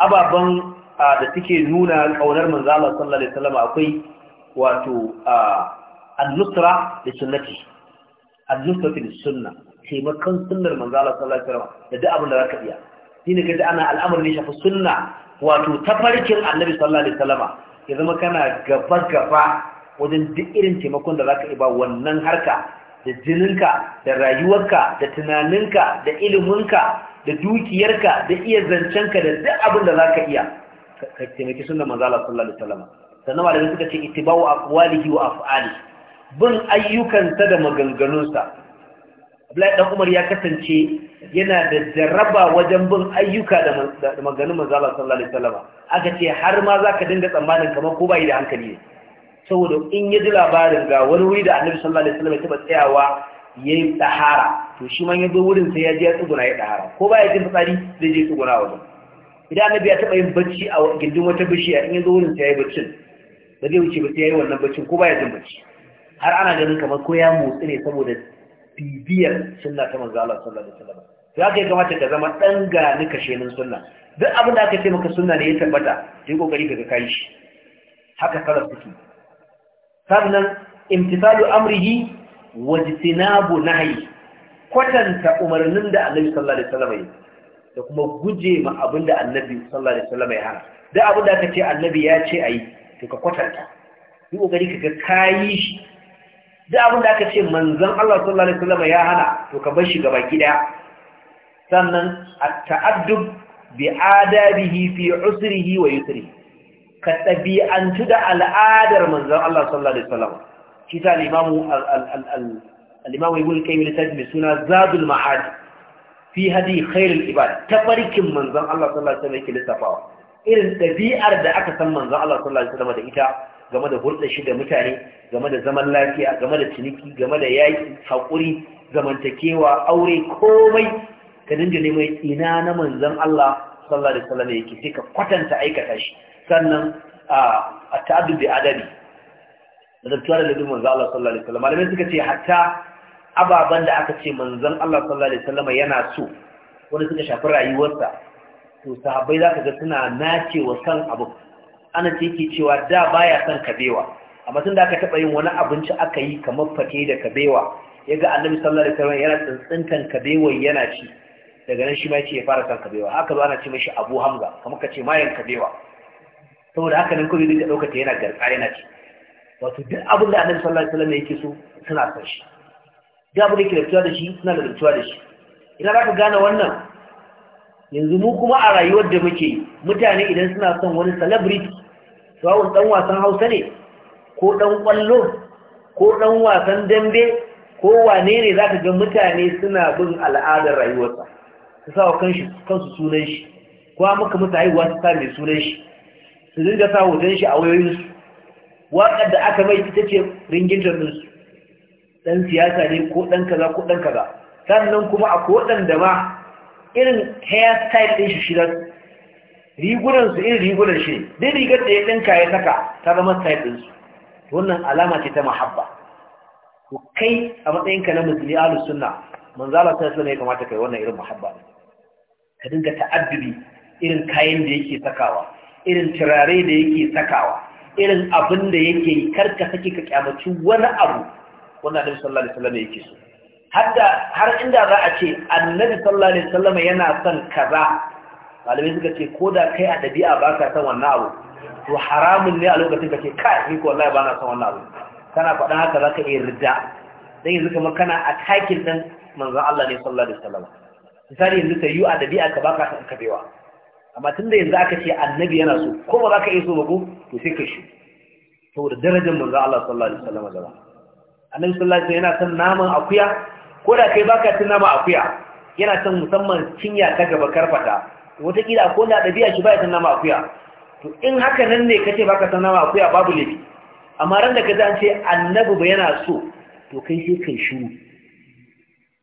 ababen da suke nuna kaunar manzala sallallahu alaihi wasallam akwai wato an-nusra da sunnati da sunna taimakon sunnar sallallahu alaihi da duk abin da zaka iya shi ne ana al'amar ne shafi sunna wato tafarkin annabi sallallahu alaihi ya zama kana gaba-gaba wajen duk irin taimakon da zaka iba wannan harka da jininka da rayuwarka da tunaninka da iliminka da dukiyarka da iya zancenka da duk abin da ka iya ka taimaki suna manzo Allah sallallahu alaihi sannan suka ce wa bin ayyukansa da maganganunsa Abdullahi dan Umar ya kasance yana da jaraba wajen bin ayyuka da maganin manzo Allah sallallahu alaihi wasallam aka ce har ma zaka dinga tsammanin kamar ko bai da hankali ne saboda in ya ji labarin ga wani wuri da Annabi sallallahu alaihi wasallam ya taba tsayawa yayi tahara to shi man yanzu wurin sai ya je ya tsuguna ya tahara ko ba ya jin fitsari zai je tsuguna wajen idan Annabi ya taba yin bacci a gindin wata bishiya in yanzu wurin sai ya yi baccin ba zai wuce ba sai ya yi wannan baccin ko ba ya jin bacci har ana ganin kamar ko ya motsi ne saboda bibiyar sunna ta manzo Allah sallallahu alaihi wasallam to haka ya kamata ka zama dan gani kashenin sunna duk abin da aka ce maka sunna ne ya tabbata yi kokari ka kai shi haka kalar suke sannan imtisalu amrihi wa jitinabu nahyi kwatanta umarnin da Annabi sallallahu alaihi wasallam da kuma guje ma abin da Annabi sallallahu alaihi wasallam ya hana duk abin da aka ce Annabi ya ce ayi to ka kwatanta yi kokari ka ga kayi shi duk abin da aka ce manzan Allah sallallahu alaihi wasallam ya hana to ka bar shi gaba gida sannan a taaddub bi adabihi fi usrihi wa yusrihi ka tabi'antu da al'adar manzan Allah sallallahu alaihi wasallam shi ta al-imamu al-imamu ibn qayyim al suna zadul ma'ad fi hadi khair al-ibad tafarkin manzan Allah sallallahu alaihi wasallam yake lissafawa irin dabi'ar da aka san manzan Allah sallallahu alaihi wasallam da ita game da hulɗa shi da mutane game da zaman lafiya game da ciniki game da yaƙi haƙuri zamantakewa aure komai ka dinga neman ina na manzon Allah sallallahu alaihi wasallam yake sai ka kwatanta aikata shi sannan a ta'addud bi adabi da tuwa da manzon Allah sallallahu alaihi wasallam malamai suka ce hatta ababan da aka ce manzon Allah sallallahu alaihi wasallam yana so wanda suka shafi rayuwarsa to sahabbai ka ga suna nace wa san abu ana ce yake cewa da baya son kabewa amma tun da aka taɓa yin wani abinci aka yi kamar fate da kabewa ya ga annabi sallallahu alaihi wasallam yana tsintsinkan kabewa yana ci daga nan shi ma yace ya fara son kabewa haka zo ana ce mishi Abu Hamza kamar kace mayan kabewa saboda haka nan kuma duka dauka yana garka yana ci wato duk abin da annabi sallallahu alaihi wasallam yake so suna son shi duk abin da yake da da shi suna da da shi idan aka gane wannan yanzu mu kuma a rayuwar da muke mutane idan suna son wani celebrity sawun dan wasan hausa ne ko dan kwallo ko dan wasan dambe ko wane ne za ka ga mutane suna bin al'adar rayuwarsa su sawa kansu sunan shi kuma muka mutu haihuwa su sa mai sunan shi su dinga sa hoton shi a wayoyinsu waƙar da aka mai ita ce din su ɗan siyasa ne ko ɗan kaza ko ɗan kaza sannan kuma a koɗan da ma irin style ɗin shi rigunan su irin rigunan shi ne rigar da ya ɗinka ya saka ta zama style ɗinsu wannan alama ce ta mahabba ku kai a ka na musulmi alu sunna manzala ta sunna ya kamata kai wannan irin mahabba ka dinga ta'addubi irin kayan da yake sakawa irin turare da yake sakawa irin abin da yake yi ka sake ka kyamaci wani abu wannan annabi sallallahu alaihi wasallam yake so hadda har inda za a ce annabi sallallahu alaihi wasallam yana son kaza malamai suka ce ko da kai a dabi'a ba ka san wannan abu to haramun ne a lokacin ka ce kai ni ko wallahi ba na san wannan abu kana faɗa haka za ka iya rida dan yanzu kamar kana a takin din manzon Allah ne sallallahu alaihi wasallam misali yanzu sai yu a dabi'a ka baka san kabewa amma tunda yanzu aka ce annabi yana so ko ba za ka iya so ba ko to sai ka shi saboda darajar manzon Allah sallallahu alaihi wasallam da annabi sallallahu alaihi wasallam yana son naman akuya ko da kai baka tuna ma akuya yana son musamman cinya ta gaba karfata wataƙila ko da ɗabi'a shi baya tuna ma akuya to in haka nan ne kace baka tuna ma akuya babu laifi amma ran da kaji an ce annabi ba yana so to kai sai kai shiru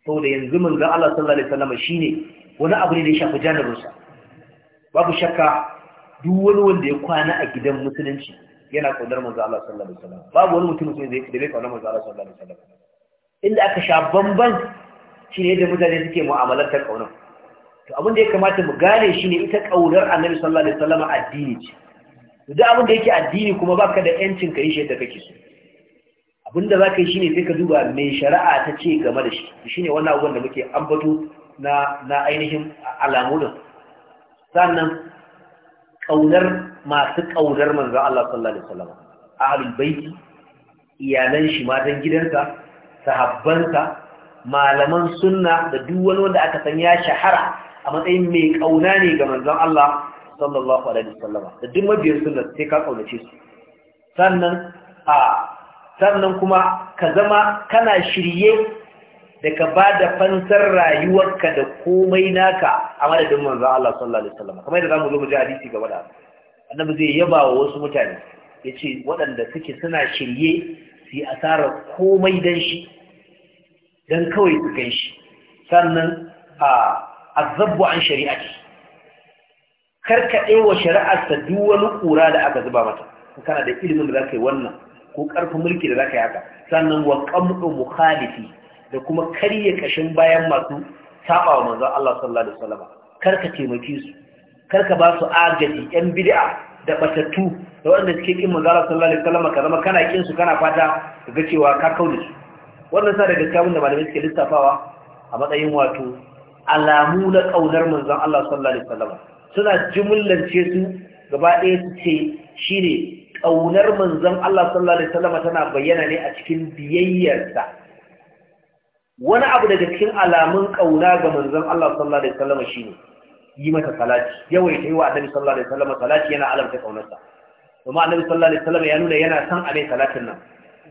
saboda yanzu ga Allah sallallahu alaihi wasallam shine wani abu ne da ya shafi janibinsa babu shakka duk wani wanda ya kwana a gidan musulunci yana kaunar manzo Allah sallallahu alaihi wasallam babu wani mutum da zai da zai kaunar manzo Allah sallallahu alaihi wasallam inda aka sha bamban shi ne da mutane suke ta ƙaunar to abin da ya kamata mu gane shi ne ita ƙaunar annabi sallallahu alaihi wasallam addini ce duk abin da yake addini kuma baka da yancin ka yi shi da kake so abin da zaka yi shine sai ka duba me shari'a ta ce game da shi shine wannan abin da muke ambato na na ainihin alamu sannan ƙaunar masu ƙaunar manzo Allah sallallahu alaihi wasallam ahlul baiti iyalan shi matan gidansa sahabbansa malaman sunna da duk wani wanda aka san ya shahara a matsayin mai kauna ne ga manzon Allah sallallahu alaihi wasallam da duk mabiyar sunna sai ka kaunace su sannan a sannan kuma ka zama kana shirye da ka ba da fansar rayuwarka da komai naka a madadin manzon Allah sallallahu alaihi wasallam kamar yadda zamu zo mu ji hadisi gaba da annabi zai yaba wa wasu mutane yace waɗanda suke suna shirye su yi asarar komai don shi don kawai su gan shi sannan a azabbu an shari'a ce karkaɗe wa shari'arsa duk wani ƙura da aka zuba mata kana da ilimin da za ka yi wannan ko ƙarfin mulki da za ka yi haka sannan wa ƙamɗo mukhalifi da kuma karye ƙashin bayan masu saɓa wa manzan Allah sallallahu alaihi wasallam karka taimake su karka ba su agaji yan bid'a da batattu da wanda suke kin manzo Allah sallallahu alaihi wasallam ka zama kana kin su kana fata ga cewa ka kauda su wannan sa daga cikin da malamai suke lissafawa a matsayin wato alamu na kaunar manzon Allah sallallahu alaihi wasallam suna jumlance su gaba ɗaya su ce shine kaunar manzon Allah sallallahu alaihi wasallam tana bayyana ne a cikin biyayyarsa wani abu daga cikin alamun kauna ga manzon Allah sallallahu alaihi wasallam shine yi mata salati yawaita yi wa annabi sallallahu alaihi wasallam salati yana alamta kaunarsa Kuma annabi sallallahu alaihi wasallam ya nuna yana san alai salatin nan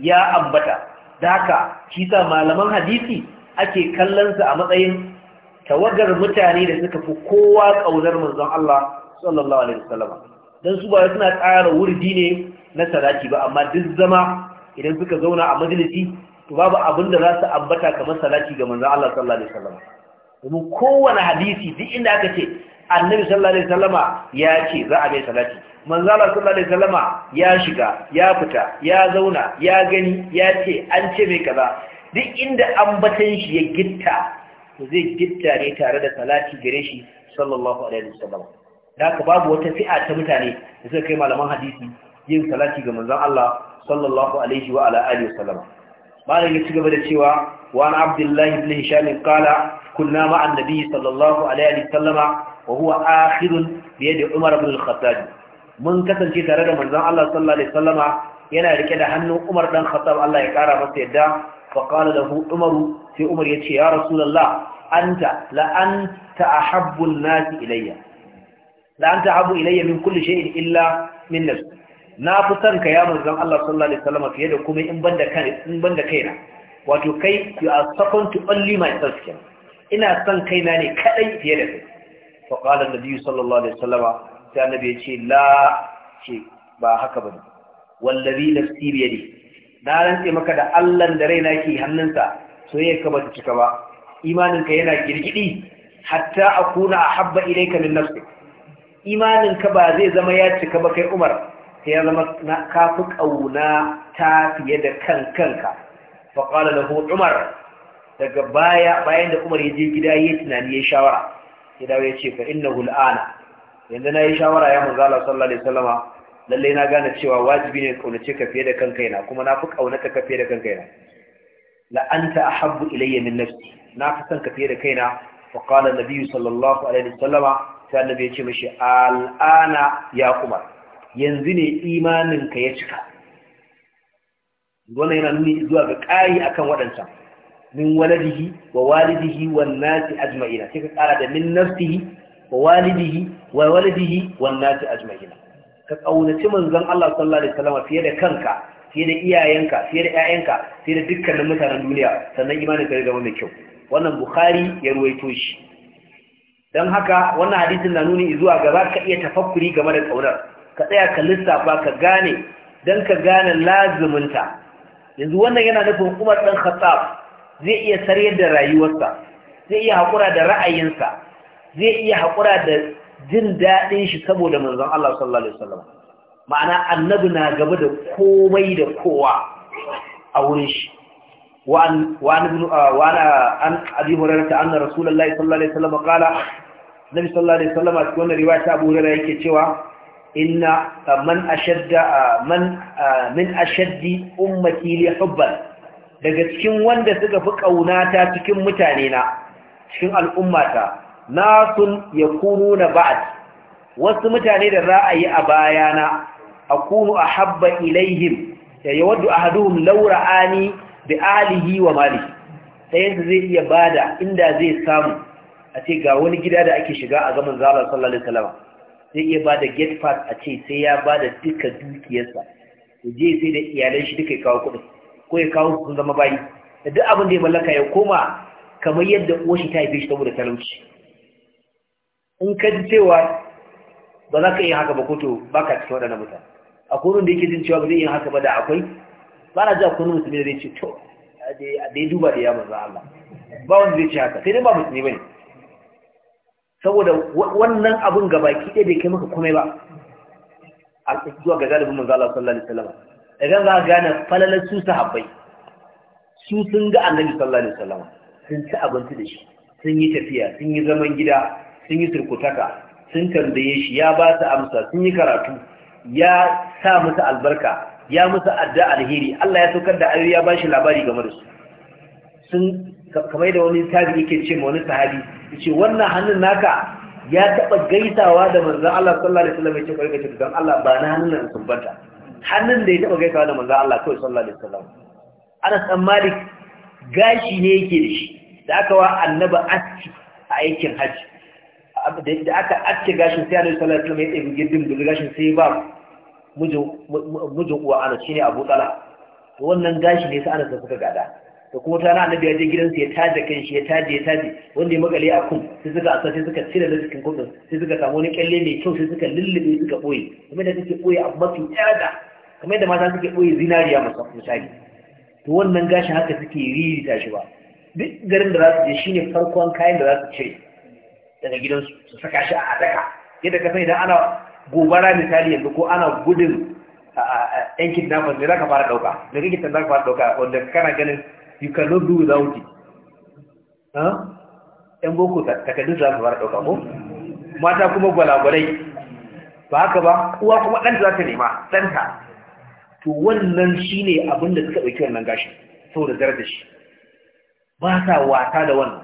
ya ambata da haka shi sa malaman hadisi ake kallon sa a matsayin tawagar mutane da suka fi kowa kaunar manzon Allah sallallahu alaihi wasallam dan su ba suna tsara wurdi ne na salati ba amma duk zama idan suka zauna a majalisi to babu abin da za su ambata kamar salati ga manzon Allah sallallahu alaihi wasallam kowane hadisi duk inda aka ce annabi sallallahu alaihi wasallama ya ce za a bai salati manzala sallallahu alaihi sallama ya shiga ya fita ya zauna ya gani ya ce an ce mai kaza duk inda ambatan shi ya gitta to zai gitta ne tare da salati gare shi sallallahu alaihi wasallam da aka babu wata fi'a ta mutane da suka kai malaman hadisi yin salati ga manzan Allah sallallahu alaihi wa ala alihi wasallam malam ya ci gaba da cewa wa an abdullahi ibn hisham qala kunna ma'an nabi sallallahu alaihi wa wasallama wa huwa akhirun bi yadi umar ibn al-khattab mun kasance tare da manzon Allah sallallahu alaihi wasallama yana rike da hannun Umar dan Khattab Allah ya kara masa yadda fa qala lahu Umaru sai Umar yace ya Rasulullah anta la anta ahabbu an-nas ilayya la anta ahabbu ilayya min kulli shay'in illa min nafsi na fi son ka ya manzon Allah sallallahu alaihi wasallama fiye da kuma in banda kai in banda kaina wato kai you are second to only myself ina son kaina ne kadai fiye da kai fa qala an-nabi sallallahu alaihi wasallama sai annabi ya ce la ce ba haka bane wallazi nafsi bi yadi na rantse maka da Allah da raina yake hannunsa soyayya ka bata cika ba imaninka yana girgidi hatta akuna ahabba ilayka min nafsi ka ba zai zama ya cika ba kai Umar sai ya zama ka fi kauna ta fiye da kan kanka fa qala lahu Umar daga baya bayan da Umar ya je gida yayi tunani ya shawara ya dawo ya ce fa innahu al'ana yanzu na yi shawara ya Allah sallallahu alaihi wasallama lalle na gane cewa wajibi ne kaunace ka fiye da kanka yana kuma na fi kaunaka ka fiye da kanka yana la anta ahabbu ilayya min nafsi na fi son ka fiye da kaina fa qala nabi sallallahu alaihi wasallama sai annabi ya ce mishi al'ana ya kuma yanzu ne imanin ka ya cika wannan yana nuni zuwa ga kai akan wadanta min waladihi wa walidihi wan nasi ajma'ina sai ka kara da min nafsihi wa walidihi wa walidihi wan nasi ajma'in ka kaunaci manzon Allah sallallahu alaihi wasallam fiye da kanka fiye da iyayenka fiye da ƴaƴanka fiye da dukkanin mutanen duniya sannan imani ka zama mai kyau wannan bukhari ya ruwaito shi dan haka wannan hadisin na nuni zuwa ga zaka iya tafakkuri game da kaunar ka tsaya ka lissafa ka gane dan ka gane laziminta yanzu wannan yana nufin Umar dan Khattab zai iya saryar da rayuwarsa zai iya hakura da ra'ayinsa zai iya haƙura da jin daɗin shi saboda manzon Allah sallallahu alaihi wasallam ma'ana annabi na gaba da komai da kowa a wurin shi وعن وعن ابن ta عن ابي هريره ان رسول الله صلى الله عليه وسلم yake cewa inna uh, man ashadda uh, man uh, min ashaddi ummati li hubban daga cikin wanda suka fi kaunata cikin mutane na cikin al'ummata nasun na ba'd wasu mutane da za a yi a bayana akunu ahabba ilaihim ya yawaddu ahaduhum law ra'ani bi alihi wa mali sai zai iya bada inda zai samu a ce ga wani gida da ake shiga a zaman zara sallallahu alaihi wasallam zai iya bada gate pass a ce sai ya bada duka dukiyarsa ya je sai da iyalan shi duka ya kawo kuɗi, ko ya kawo sun zama bayi da duk abin da ya mallaka ya koma kamar yadda uwar shi ta haife shi saboda talauci in ka ji cewa ba za ka iya haka ba ko to ba ka cikin waɗannan mutane a kunun da yake jin cewa ba zai iya haka ba da akwai ba na ji a kunun musulmi da zai ce to a dai duba da ya manzan Allah ba wanda zai ce haka sai dai ba musulmi ba ne saboda wannan abun gabaki ɗaya bai kai maka komai ba a zuwa ga zalibin manzan Allah sallallahu alaihi wasallam idan za a gane falalar su sahabbai su sun ga annabi sallallahu alaihi wasallam sun ci abinci da shi sun yi tafiya sun yi zaman gida sun yi surkutaka sun tambaye shi ya ba su amsa sun yi karatu ya sa musu albarka ya musu adda alheri Allah ya saukar da ayoyi ya ba shi labari game da su sun kamar da wani tabi yake ce ma wani sahabi yace wannan hannun naka ya taba gaisawa da manzon Allah sallallahu alaihi wasallam yace kai kace dan Allah ba na hannun nan sumbanta hannun da ya taba gaisawa da manzon Allah kai sallallahu alaihi wasallam Anas dan Malik gashi ne yake da shi da aka wa annaba aski a aikin hajji da aka ake gashin sai alaihi sallallahu alaihi wasallam ya ɗebi girdin da gashin sai ba mijin uwa ana shine abu tsala to wannan gashi ne sai ana sa suka gada da kuma tana annabi ya je gidansa ya taje kan shi ya taje ya taje wanda ya makale a kun sai suka asa sai suka cire da cikin kudin sai suka samu wani kyalle mai kyau sai suka lullube suka boye kuma da suke boye a mafi tsada kamar da mata suke boye zinariya misali to wannan gashi haka suke ririta shi ba duk garin da za su je shine farkon kayan da za su cire daga gidansu su saka shi a daga yadda ka sai idan ana gobara misali yanzu ko ana gudun yan kidnappers ne za ka fara ɗauka da kake za ka fara ɗauka wanda kana ganin you cannot do without it yan boko takardun za su fara ɗauka ko mata kuma gwalagwalai ba haka ba uwa kuma ɗanta za ta nema ɗanta to wannan shi ne abin da suka ɗauki wannan gashi saboda zarar da shi ba sa wata da wannan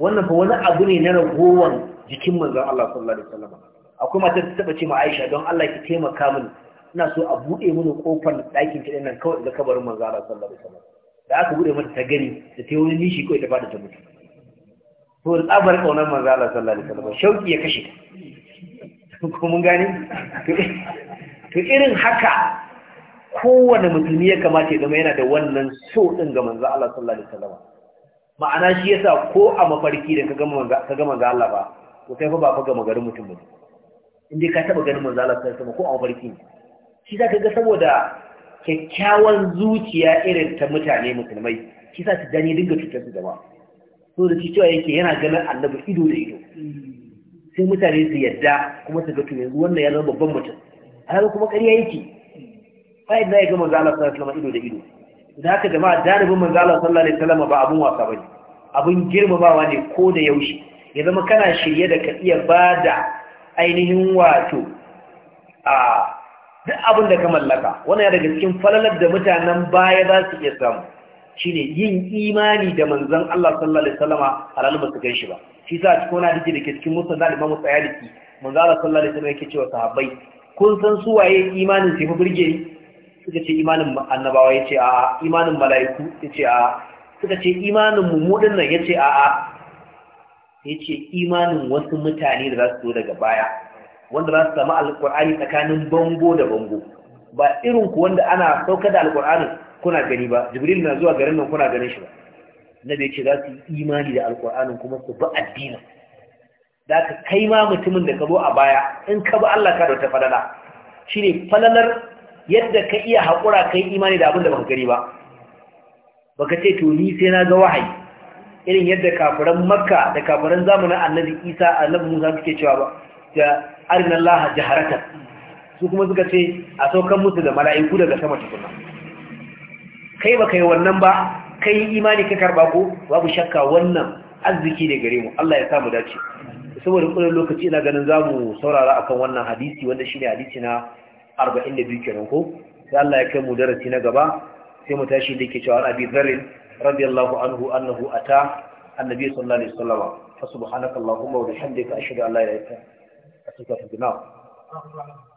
wannan fa wani abu ne na ragowar jikin manzon Allah sallallahu alaihi wasallam akwai matar ta taba ce ma Aisha don Allah ki taimaka min ina so a bude mini kofar ɗakin ki nan kawai da kabarin manzon Allah sallallahu alaihi wasallam da aka bude mata ta gani da ta wani nishi kawai ta fada ta mutu to tsabar kaunar manzon Allah sallallahu alaihi wasallam shauki ya kashe ko mun gane to irin haka kowane musulmi ya kamata ya zama yana da wannan so din ga manzon Allah sallallahu alaihi wasallam ma'ana shi yasa ko a mafarki da ka ga Allah ba ko kai fa ba fa gama garin mutum ne inda ka taba ganin manzo Allah sai ko a mafarki shi za ka ga saboda kyakkyawan zuciya irin ta mutane musulmai shi sa su dani dinga cutar su jama'a so da shi cewa yake yana ganin annabi ido da ido sai mutane su yadda kuma su ga to yanzu wannan ya zama babban mutum alhaka kuma ƙarya yake fa'id na ya ga manzo Allah sallallahu ido da ido da haka jama'a janibin manzo Allah sallallahu alaihi wasallam ba abun wasa bane abun girmamawa ne ko da yaushe ya zama kana shirye da ka iya bada ainihin wato a duk abin da ka mallaka wannan ya daga cikin falalar da mutanen baya za su iya samu shine yin imani da manzon Allah sallallahu alaihi wasallam halal ba su gan shi ba shi sa cikin wani hadisi da ke cikin musulun da imamu tsayaliki manzon Allah sallallahu alaihi wasallam yake cewa sahabbai kun san su waye imanin sai fi birge? suka ce imanin annabawa ya ce a imanin mala'iku ya ce a suka ce imanin mummudin nan ya ce a a ya ce imanin wasu mutane da za su zo daga baya wanda za su sami alƙur'ani tsakanin bango da bango ba irin ku wanda ana saukar da alƙur'anin kuna gani ba jibril na zuwa garin nan kuna ganin shi ba na bai ce za su yi imani da alƙur'anin kuma su bi addinin da ka kai ma mutumin da ka zo a baya in ka bi Allah ka da wata falala shine falalar yadda ka iya haƙura ka imani da abin da baka gari ba ka ce to ni sai na ga wahayi irin yadda kafiran makka da kafiran zamanin annabi isa annabi musa suke cewa ba da arin allah jaharatan su kuma suka ce a saukan musu da mala'iku daga sama tukuna kai ba kai wannan ba kai imani ka karba ko babu shakka wannan arziki ne gare mu allah ya sa mu dace saboda kullum lokaci ina ganin zamu saurara akan wannan hadisi wanda shine hadisi na arba'in da biyu kenan ko sai Allah ya kai mu darasi na gaba sai mu tashi da ke cewa Abi Dharr radiyallahu anhu annahu ata annabi sallallahu alaihi wasallam fa subhanakallahumma wa bihamdika ashhadu an la ilaha illa anta astaghfiruka wa atubu ilaik